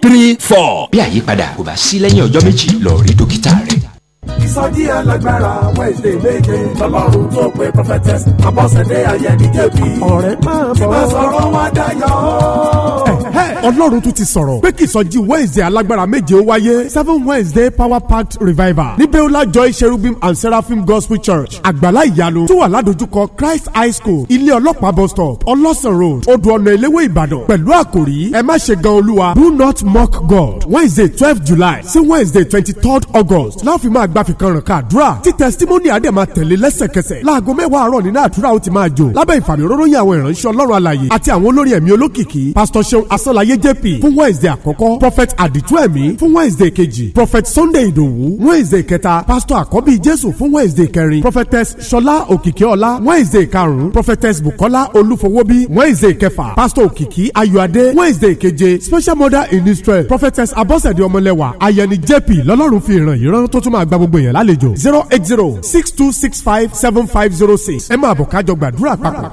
three four. bí àyípadà kò bá sí lẹ́yìn ọjọ́ méjì lọ rí dókítà rẹ̀ ìsọjí alágbára wednesday méje lọ́lọ́run tó pe prophetess abọ́sẹ̀dé ayẹni jẹ̀bi ọ̀rẹ́ máa bọ̀ tí sọ̀rọ̀ wá dayọ̀ ọlọ́run tún ti sọ̀rọ̀ pé kí ìsọjí wednesday alágbára méje ó wáyé seven wednesday power packed revival ní beulah joy cherubim and seraphim gospel church àgbàlá ìyanu tó wà ládojúkọ christ high school ilé ọlọ́pàá bus stop ọlọ́sàn road odò ọ̀nà eléwé ìbàdàn pẹ̀lú àkòrí ẹ má ṣe gan olúwa do not mock god wednesday twelve july sí wednesday twenty third august láàfin máa gba fìkanràn kàdúrà tí testimony adé máa tẹ̀lé lẹ́sẹ̀kẹsẹ̀ láago mẹ́wàá àárọ̀ nínú àdúrà ó ti máa jò lábẹ́ ìfàmì òróró yẹn àwọn ìránṣẹ́ ọlọ́run àlàyé àti àwọn olórí ẹ̀mí olókìkí pastor seun asọ́láyé Adéwáyé JP fún Wednesday àkọ́kọ́ Prophet Àdìtú ẹ̀mí fún Wednesday kejì Prophet Sunday Ìdòwú Wednesday kẹta Pastor Àkọ́bí Jésù fún Wednesday kẹrin Prophetess Ṣọlá Òkìkíọlá Wednesday karùn-ún Prophetess Bùkọ́lá Olúfowóbí Wednesday kẹfà Pastor Òkìkí Ayọ̀adé Wednesday keje Special Mother in Israel Prophetess Abọ́sẹ̀dé Ọmọlẹ́wà Ayẹni JP lọ́lọ́run fi ìràn yìí rán tó tún máa gba gbogbo èèyàn lálejò zero eight zero six two six five seven five zero six ẹ máa bọ̀ kájọ gbàdúrà papọ̀.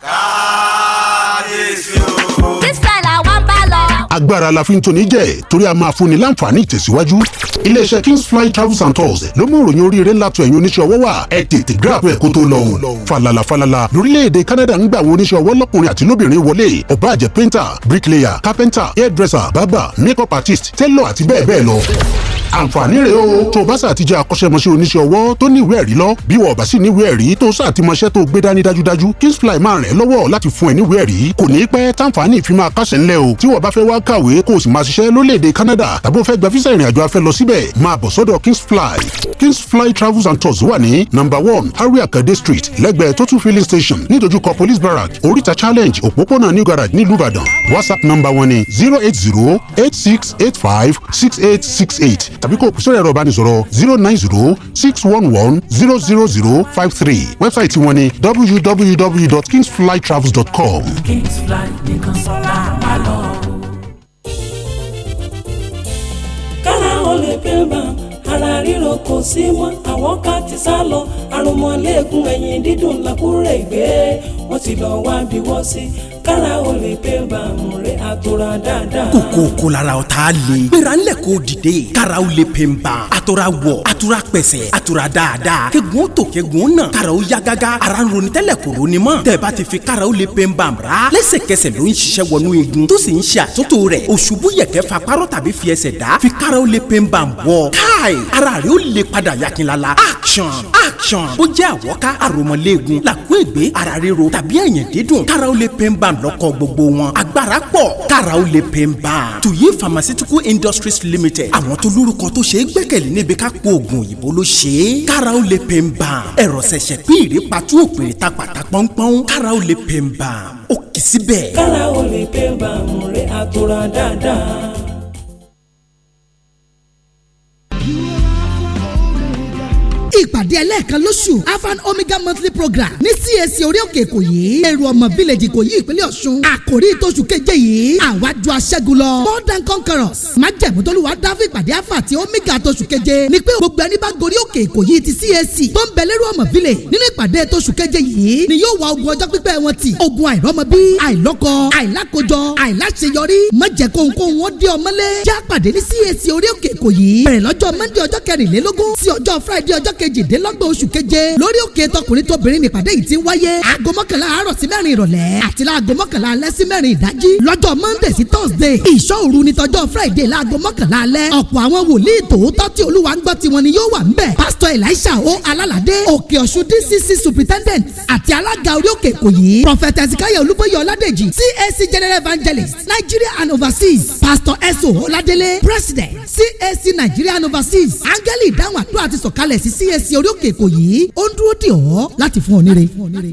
kábíyèsí o agbára la fi ń toni jẹ́ torí a máa fúnni láǹfààní ìtẹ̀síwájú iléeṣẹ́ Kingsfly Travels and Tours ló mú ìròyìn oríire ńlá tó ẹ̀yin oníṣẹ́ ọwọ́ wá ẹ tètè gíràpù ẹ̀ kó tó lọ falala falala lórílẹ̀‐èdè Canada ń gba àwọn oníṣẹ́ ọwọ́ lọ́kùnrin àti lóbìnrin wọlé ó painter bricklayer carpenter hairdresser barber makeup artist tailor àti bẹ́ẹ̀ bẹ́ẹ̀ lọ àǹfààní rẹ̀ o. tó o bá ṣàtijọ́ akọ́ṣẹ́mọṣẹ́ oníṣẹ́ ọwọ́ tó ní ìwé ẹ̀rí lọ bí wọ́n bá sì ní ìwé ẹ̀rí tó ṣàtìmọṣẹ́ tó gbé dání dájúdájú Kingsfly máa ràn ẹ́ lọ́wọ́ láti fún ẹ ní ìwé ẹ̀rí kò ní pẹ́ táǹfààní ìfimọ́ akásẹ̀ ńlẹ̀ o tí wọ́n bá fẹ́ wá kàwé kó o sì máa ṣiṣẹ́ lólèdè Canada tàbí o fẹ́ gba físà ìrìnàjò afẹ́ lọ síbẹ̀ máa bọ̀ sọ́dọ̀ Kingsfly Kingsfly Travels and Tours wà ní number one Harry Akade Street lẹ́gbẹ̀ẹ́ Total filling station nídojúkọ police barrack oríta challenge òpópónà New Garage nílùú Ìbàdàn WhatsApp number one ni zero eight zero eight six eight five six eight six eight tàbí kó o sórí ẹ̀rọ ìbánisọ̀rọ̀ zero nine zero six one one zero zero zero five three wẹ́bsáìtì wọn ni www.kingsflytravels.com. kingsfly ní kan máa lọ. àrùn kò sí mọ́ àwọn ká ti sá lọ àrùn mọ́lẹ́gùn ẹ̀yìn dídùn làkúrẹ́ ìgbé wọ́n ti lọ wá bí wọ́n sí kára o lè pé bàmù rẹ̀ àtọ́ra dáadáa. kòkó kò lára ọ̀tá le. gbéra ńlẹ̀ kò dìde. kára o lè pè ń àtọ́ra wọ̀ àtọ́ra pẹ̀sẹ̀ àtọ́ra dáadáa. kẹ́gun tó kẹ́gun nà. kára o ya gágá. ara ń ronú tẹ́lẹ̀ kò ronú mọ́. tẹ̀bá ti fi kára o lè pè ń ra. lẹ́sẹ̀kẹsẹ̀ ló ń ṣiṣẹ́ wọnú igun. tó sì ń ṣe àtúntò rẹ̀. òṣùbù yẹ̀kẹ́ fa párọ̀ tàbí fi ẹsẹ̀ dá. fi kára o lè padà yakinlala action action ó jẹ́ àwọ́ká àròmọléegun làkúègbé ara ríro tàbí ẹ̀yìn dídùn kára ó lè pè ń bá lọ́kọ̀ gbogbo wọn agbára pọ̀ kára ó lè pè ń tuyi pharmaceutical industries limited àwọn tó lórúkọ tó ṣe é gbẹ́kẹ̀lé níbi ká po oògùn òyìnbó ló ṣe é kára ó lè pè ń bá ẹ̀rọ ṣẹ̀ṣẹ̀ pé ìrèpàtú òpèrè ta pàtà pọ́npọ́n kára ó lè pè ń ó kì í síbẹ̀. kára ó lè pè ń bá mọ̀rẹ́ àtúrà dáadáa ìpàdé ẹlẹ́ẹ̀kan lóṣù afan omega monthly program ní CAC orí òkè èkó yìí èrò ọmọ village èkó yìí ìpínlẹ̀ ọ̀ṣun àkòrí tóṣù keje yìí àwájú aṣẹ́gun lọ more than conquerors májẹ̀mú tó lù wá dáfẹ́ ìpàdé afa àti omega tóṣù keje ni pé gbogbo ẹni bá gorí òkè èkó yìí ti CAC tó ń bẹ lérò ọmọ village nínú ìpàdé tóṣù keje yìí ni yóò wá ogun ọjọ́ pípẹ́ wọn ti ogun àìrọ́mọbí àìlọ́kọ àìlákojọ àìláṣeyọrí mọ̀jẹ̀ kóńkóń wọn dé ọmọlé jápàdé ní CAC orí òkè èkó yìí bẹ̀rẹ̀ lọ́jọ́ monday ọjọ́ kẹrìnlélógún sí ọjọ́ friday kejìdínlọ́gbọ̀n oṣù keje lórí òkè tọkùnrin tóbìnrin nípàdé yìí ti ń wáyé aago mọ́kànlá àárọ̀ sí mẹ́rin ìrọ̀lẹ́ àti láago mọ́kànlá alẹ́ sí mẹ́rin ìdájí lọ́jọ́ monday sí thursday ìṣọ́ òru ni tọjọ́ friday láago mọ́kànlá alẹ́ ọ̀pọ̀ àwọn wòlíì tòótọ́ tí olúwa ń gbọ́ tiwọn ni yóò wà ńbẹ̀ pásítọ̀ elisha o alálàdé òkè ọ̀ṣun dcc superintendent àti alága orí òkè èkó yìí prọfẹtẹ sikaya olúbóyè ọládèjì cac general evangelist nigeria and overseas pastor eso ọládélé president cac nigeria and overseas áńgẹ́lì ìdáhùn àdúrà ti sọ̀kalẹ̀ sí CAC orí òkè èkó yìí ó ń dúró dè ọ́ láti fún ọ níre.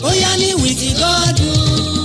bóyá ní wìtí gọ́ọ̀dù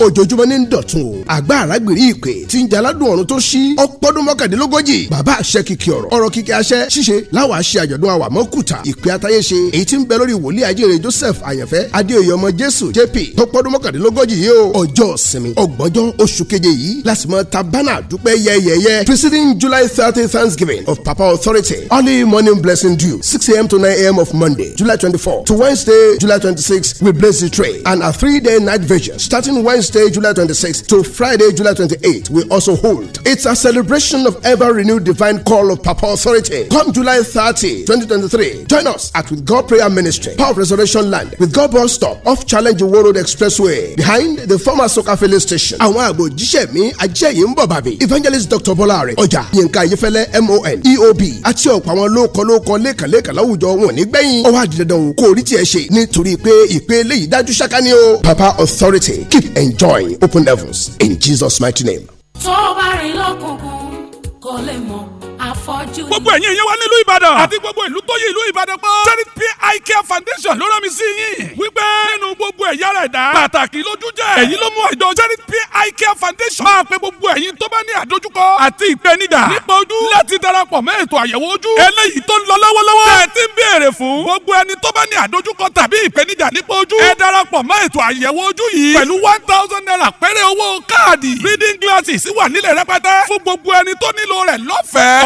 ojoojúmọ́ ní dọ̀tun o àgbà àràgbèrè ìpè tí ń jaládùn ọ̀run tó ṣí ọpọ́dún mọ́kàndínlógójì bàbá àṣẹ kìkì ọ̀rọ̀ ọ̀rọ̀ kìkì àṣẹ ṣíṣe láwa ṣe àjọ̀dún àwàmọ́ kùtà ìpè àtayé ṣe èyí tí ń bẹ lórí wòlíì ajínrere Joseph àyànfẹ́ adéoyè ọmọ Jésù JP tọpọ́dún mọ́kàndínlógójì yìí o ọjọ́ sinmi ọgbọ́njọ́ oṣù keje yìí láti mọ tabana dúpẹ́ yẹ́yẹ́yẹ́ preceding July thirty Thanksgiving of Papa Authority early morning blessing due six a.m. to nine a.m. of Monday July twenty to Wednesday July twenty we bless the tray and a three-day night vigil starting Wednesday. Thursday, July 26th to Friday, July 28th, we also hold. It's a celebration of ever renewed divine call of Papa authority. Come July 30, 2023, join us at With God Prayer Ministry, Power of Resurrection Land, With God Bus Stop, off Challenge World Road Expressway, behind the former Soka filling station. Àwọn àgbo jíṣẹ́ mi ajẹ́ yìí ń bọ̀ bàbí. Evangelist Dr. Bolari. ọjà Yínká yefele MON, EOB, àti ọ̀pọ̀ àwọn lóko lóko lẹ́kànlẹ́kàn láwùjọ wọn nígbẹ̀yìn. Ó wá di dandan kó orí tiẹ̀ ṣe nítorí pé ìpele yìí dájú ṣáká o. Papa authority keep enjoying. joy open heavens in Jesus' mighty name. tó bá rìn lọ́kùnkùn kò lè mọ̀. àfọ́jú ni. gbogbo ẹ̀yin ìyẹn wá nílùú ìbàdàn àti gbogbo ìlú tó yẹ ìlú ìbàdàn pọ̀. charity pi care foundation ló rán mi sí yín. wípé nínú gbogbo ẹ̀yà ara ẹ̀dá pàtàkì lójú jẹ́. èyí ló mú àjọ charity pi care foundation. máa pe gbogbo ẹ̀yin tó bá ní àdójúkọ àti ìpènijà nípa ojú láti darapọ̀ mẹ́ ètò àyẹ̀wò ojú. eléyìí tó ń lọ lọ́wọ́lọ́wọ́. ẹ ti ń béèrè fún. gbogbo ẹni tó bá ní àdójúkọ tàbí ìpènijà nípa ojú. ẹ darapọ̀ mẹ́ ètò àyẹ̀wò ojú yìí. pẹ̀lú one thousand naira péré owó káàdì. reading glasses wà nílẹ̀ rẹpẹtẹ. fún gbogbo ẹni tó nílò rẹ̀ lọ́fẹ̀ẹ́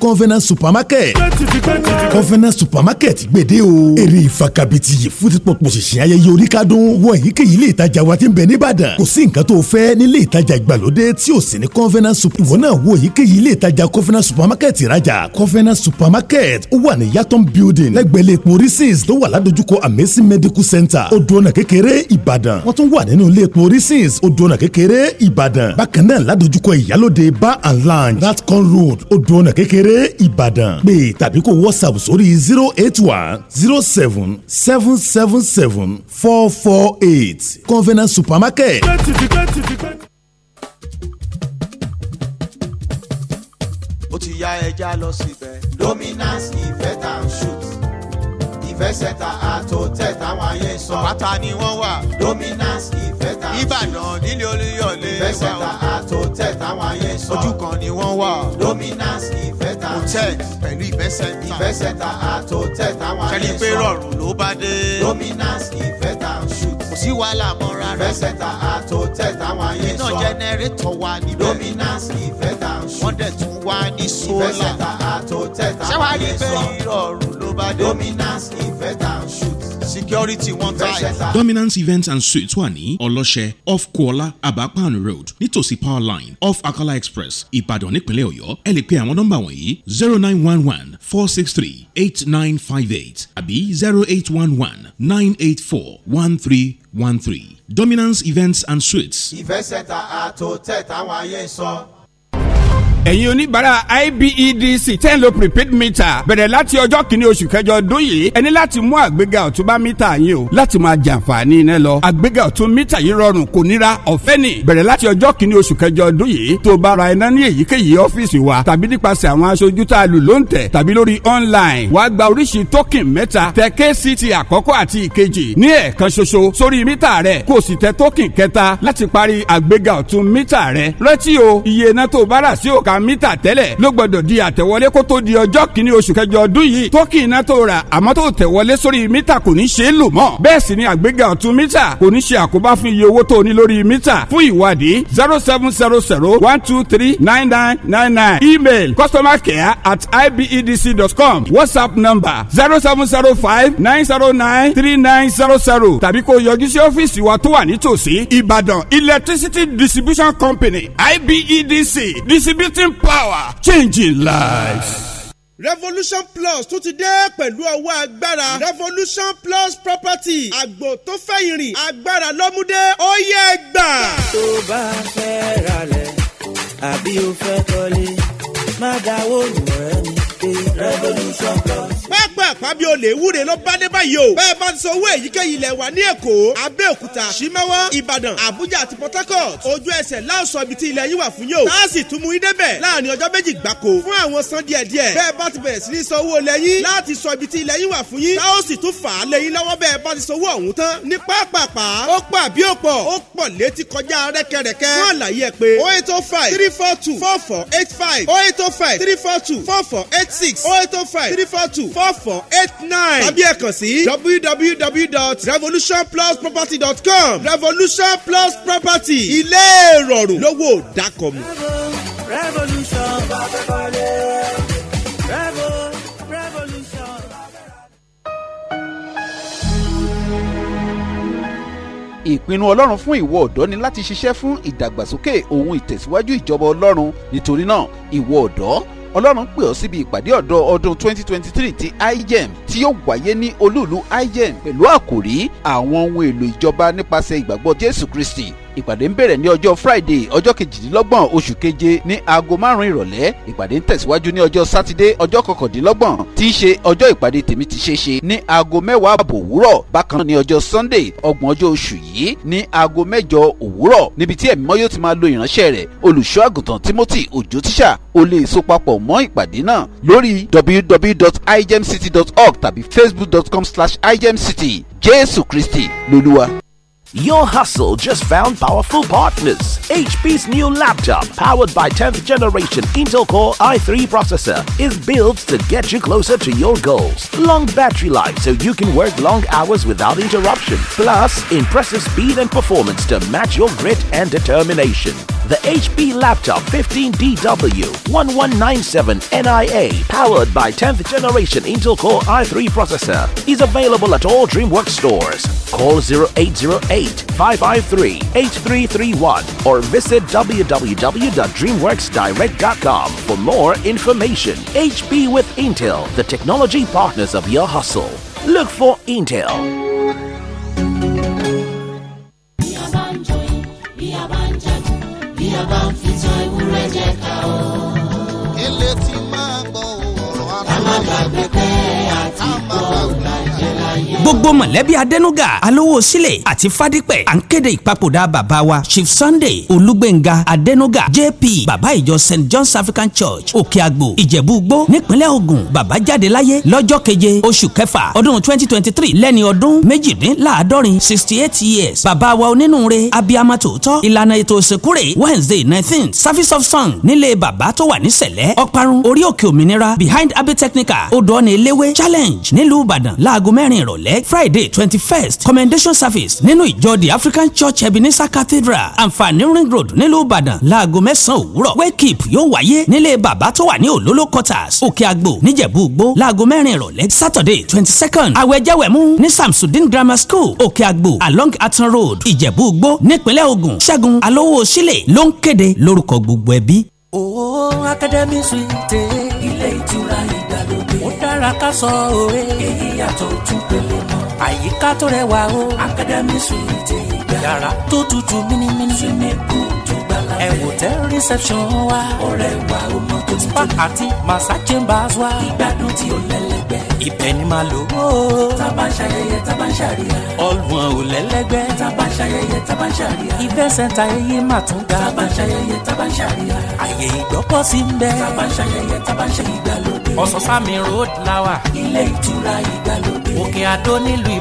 convenience supermarket convenience supermarket gbèdé o èrè ìfakabiti yìí fún títpọ̀ pòṣìṣì ayẹyẹ oríkádùn wọ èyíkéyìí ilé ìtajà wa tí ń bẹ nìbàdàn kò sí nǹkan tó o fẹ́ nílé ìtajà ìgbàlódé tí ò sí ní convenience supermarket. ìwọ náà wọ èyíkéyìí ilé ìtajà convenience supermarket ìrajà convenience supermarket ó wà ní yàtọ̀m building lẹ́gbẹ̀lẹ́ epo reasons tó wà ládojúkọ amazing medical center odòọ̀nà kékeré ìbàdàn wọ́n tún wà nínú ilé epo reasons odòọ̀nà kékeré ìbàdàn bákan náà ládojúkọ ìyálòde bar and lounge ratcon road odòọ̀nà kékeré Ìrè Ìbàdàn pé tàbí kó WhatsApp sórí zero eight one zero seven seven seven seven four four eight Convenience supermarket. ó ti ya ẹja lọ síbẹ̀. dominance ìfẹ́ ń ṣùtì ìfẹsẹ̀ta àtòtẹ̀ táwọn ayé sọ. bàtà ni wọ́n wà. dominance ìfẹ́ta. ìbàdàn nílé olúyọ̀lé. ìfẹsẹ̀ta àtòtẹ̀ táwọn ayé sọ. ojú kan ni wọ́n wà. dominance ìfẹ́ protect pẹ̀lú ìfẹsẹ̀ta ìfẹsẹ̀ta àtòtẹ̀ táwọn àlẹ́ sọ kẹ́lí pé rọrùn ló bá dé. dominance ìfẹ́ta ń ṣù. kò sí wàhálà mọ́ra rẹ̀. ìfẹsẹ̀ta àtòtẹ̀ táwọn àlẹ́ sọ. iná jẹnẹrétọ̀ wà níbẹ̀. dominance ìfẹ́ta ń wọ́n dẹ̀ tún wá ní sólà. ìfẹsẹ̀ta àtòtẹ̀ táwọn àlẹ́ sọ. ṣé wàá rí pé ìrọ̀rùn ló bá dé. dominance ìfẹ́ta security one time. dominance events and suites wà ní ọlọ́ṣẹ́ off kuola abapan road nítòsí power line off akala express ìbàdàn nípínlẹ̀ ọ̀yọ́ ẹ lè pe àwọn nọ́mbà wọ̀nyí zero nine one one four six three eight nine five eight àbí zero eight one one nine eight four one three one three dominance events and suites. ìfẹsẹ̀ta àtò tẹ̀ táwọn ayé ń sọ ẹ̀yin oníbàárà IBEDC ten lo prepaid meter bẹ̀rẹ̀ láti ọjọ́ kìíní oṣù kẹjọ ọdún yìí ẹni láti mú àgbéga ọ̀túnba mítà yín o láti máa jàǹfààní iná lọ àgbéga ọ̀tún mítà yìí rọrùn kò nira ọ̀fẹ́ ni bẹ̀rẹ̀ láti ọjọ́ kìíní oṣù kẹjọ ọdún yìí tó bá ra iná ní èyíkéyìí ọ́fíìsì wa tàbí nípasẹ̀ àwọn aṣojú tá a lù ló ń tẹ̀ tàbí lórí online wàá gba oríṣi token mẹ́ta tẹ kct àkọ́kọ́ àti ìkejì ní ẹ̀ẹ̀kan ṣoṣo sórí mítà rẹ kó o sì tẹ token kẹta láti parí àgbéga ọ̀tún mítà rẹ rántí o iye iná tó bá rà sí òkà kan mítà tẹ́lẹ̀ ló gbọ́dọ̀ di àtẹ̀wọlé kó tó di ọjọ́ kìíní oṣù kẹjọ ọdún yìí tó kì í ná tó rà àmọ́ tó tẹ̀wọlé sórí mítà kò ní ṣe é lò mọ́ bẹ́ẹ̀ sì ni àgbéga ọ̀tún mítà kò ní ṣe àkóbá fún iye owó tó ní lórí mítà fún ìwádìí zero seven zero zero one two three nine nine nine nine email customer care at ibedc.com whatsapp number zero seven zero five nine zero nine three nine zero zero tàbí kó yọjú sí ọ́fíìsì wa tó wà nítòsí Ìbàdàn Electricity Distribution Company IBEDC distributing Creating power, changing lives. Revolution Plus tún ti dé pẹ̀lú ọwọ́ agbára Revolution Plus property àgbò tó fẹ́ ìrìn agbára lọ́múdé ó yẹ gbà. tó bá fẹ́ ralẹ̀ àbí o fẹ́ kọ́lé má dáwọ́ lù ẹ́ pé Revolution Plus pàápàá bí olè wúre ló bá dé báyìí o. bẹ́ẹ̀ bá ń san owó èyíkéyìí ilẹ̀ wa ní èkó abẹ́òkúta ṣímẹ́wọ́ ìbàdàn àbújá àti port harcourt ojú ẹsẹ̀ láòsọ ibi tí ilẹ̀ yín wà fún yóò. táàsì tún mú i débẹ̀ láàrin ọjọ́ méjì gbáko fún àwọn san díẹ̀díẹ̀. bẹ́ẹ̀ bá ti bẹ̀rẹ̀ sí ní san owó ilẹ̀ yín láti sọ ibi tí ilẹ̀ yín wà fún yín. táòsì tún fà á lé lọ́wọ́ four eight nine tàbí ẹ kàn sí www.revolutionplusproperty.com revolution plus property ilé ìrọ̀rùn lówó dákọ̀mù. revolution bá fẹ́ kọ́lé. ìpinnu ọlọ́run fún ìwọ ọ̀dọ́ ni láti ṣiṣẹ́ fún ìdàgbàsókè ohun ìtẹ̀síwájú ìjọba ọlọ́run nítorí náà ìwọ ọ̀dọ́ ọlọ́run pè ọ́ síbi ìpàdé ọ̀dọ́ ọdún 2023 ti igem tí yóò wáyé ní olúùlú igem pẹ̀lú àkòrí àwọn ohun èlò ìjọba nípasẹ̀ ìgbàgbọ́ jésù kristi ìpàdé ń bẹ̀rẹ̀ ní ọjọ́ friday ọjọ́ kejìdínlọ́gbọ̀n oṣù keje ní aago márùn-ún ìrọ̀lẹ́ ìpàdé ń tẹ̀síwájú ní ọjọ́ sátidé ọjọ́ kọkàndínlọ́gbọ̀n tí í ṣe ọjọ́ ìpàdé tèmi ti ṣe ṣe ní aago mẹ́wàá àbọ̀ òwúrọ̀ bákan ní ọjọ́ sunday ọgbọ̀n ọjọ́ oṣù yìí ní aago mẹ́jọ òwúrọ̀ níbi tí ẹ̀mí mọ́yó ti máa lo ìránṣẹ́ rẹ̀ olùṣọ́ àgùntàn timothy òjò tíṣà o lè so papọ̀ mọ́ ìpàdé náà lórí www.igemcity.org tàbí facebook.com/igemcity jésù kristi lolúwa. Your hustle just found powerful partners. HP's new laptop, powered by 10th generation Intel Core i3 processor, is built to get you closer to your goals. Long battery life so you can work long hours without interruption. Plus, impressive speed and performance to match your grit and determination the HP Laptop 15DW1197NIA, powered by 10th generation Intel Core i3 processor, is available at all DreamWorks stores. Call 0808 553 8331 or visit www.dreamworksdirect.com for more information. HP with Intel, the technology partners of your hustle. Look for Intel. a bá ń fi tan ewúrẹ́ jẹ ká o. ilé ti máa gbọ́ ọ̀rọ̀ àtúntò. ká má gbàgbé pé àti gbọ́ ọ̀la gbogbo mọ̀lẹ́bí adẹ́nuga alówó sílẹ̀ àti fadípẹ̀ à ń kéde ìpapòdà bàbá wa chief sunday olúgbénga adẹ́nuga jp bàbá ìjọ st john's african church òkè àgbò ìjẹ̀bú-gbó nípínlẹ̀ ògùn bàbá jáde láyé lọ́jọ́ keje oṣù kẹfà ọdún twenty twenty three lẹ́ni ọdún méjìdínláàádọ́rin sixty eight years bàbá wa onínúure abiyamọ tòótọ́ ìlànà ètò ìsìnkú rẹ̀ wednesday nineteen service of song nílé bàbá tó wà ní sẹ̀lẹ̀ ọ̀parun orí òkè òmìnira behind abbey technical odò ọ̀nà eléwé challenge nílùú ìbàdàn láago mẹ́rin ìrọ̀lẹ́ ìrọ̀lẹ́ friday twenty first commendation service nínú ìjọ the african church ebenezer cathedral àǹfààní ring road nílùú ìbàdàn láago mẹ́sàn-án òwúrọ̀ wake up yóò wáyé nílé bàbá tó wà ní olólò quarters òkè àgbò níjẹ̀bú igbó láago mẹ́rin ìrọ̀lẹ́ saturday twenty second àwẹ̀jẹ̀wẹ̀mú ní samsudin grammar school òkè àgbò along aton road ìjẹ̀bú igbó nípínlẹ̀ ogun. ṣẹ́gun alówó sílẹ̀ ló ń kéde lórúkọ gbogbo ẹbí. ó oh, akademi suite ilé ìtura yìí dára ká sọ òwe. èyí yàtọ̀ ojú pele mọ́. àyíká tó rẹwà o. academy suite ìgbà. yàrá tó tutù mímímí. swimming tó gbàlà fẹ́. ẹ tẹ reception wa. ọ̀rẹ́ wa o mọ tó ti tó. spa àti massage chambers wa. ìgbádùn tí ó lẹ́lẹ́ lẹ́lẹ́gbẹ́. ibẹ̀ ni màá lò ó. tàbá ń ṣayẹyẹ tàbá ń ṣàríyá. ọlùwọ̀n ò lẹ́lẹ́gbẹ́. tàbá ń ṣayẹyẹ tàbá ń ṣàríyá. ìfẹ́ sẹ́ńtà ẹyẹ máa tún ga. tàbá ń ṣayẹyẹ tàbá ń ṣàríyá. àyè ìgbọ́pọ̀ sí ń bẹ. tàbá ń ṣayẹyẹ tàbá ń ṣe ìgbàlódé. ọ̀sán sámi road lawa. ilé ìtura ìgbàlódé. òkè àdó nílùú Ìbàdàn.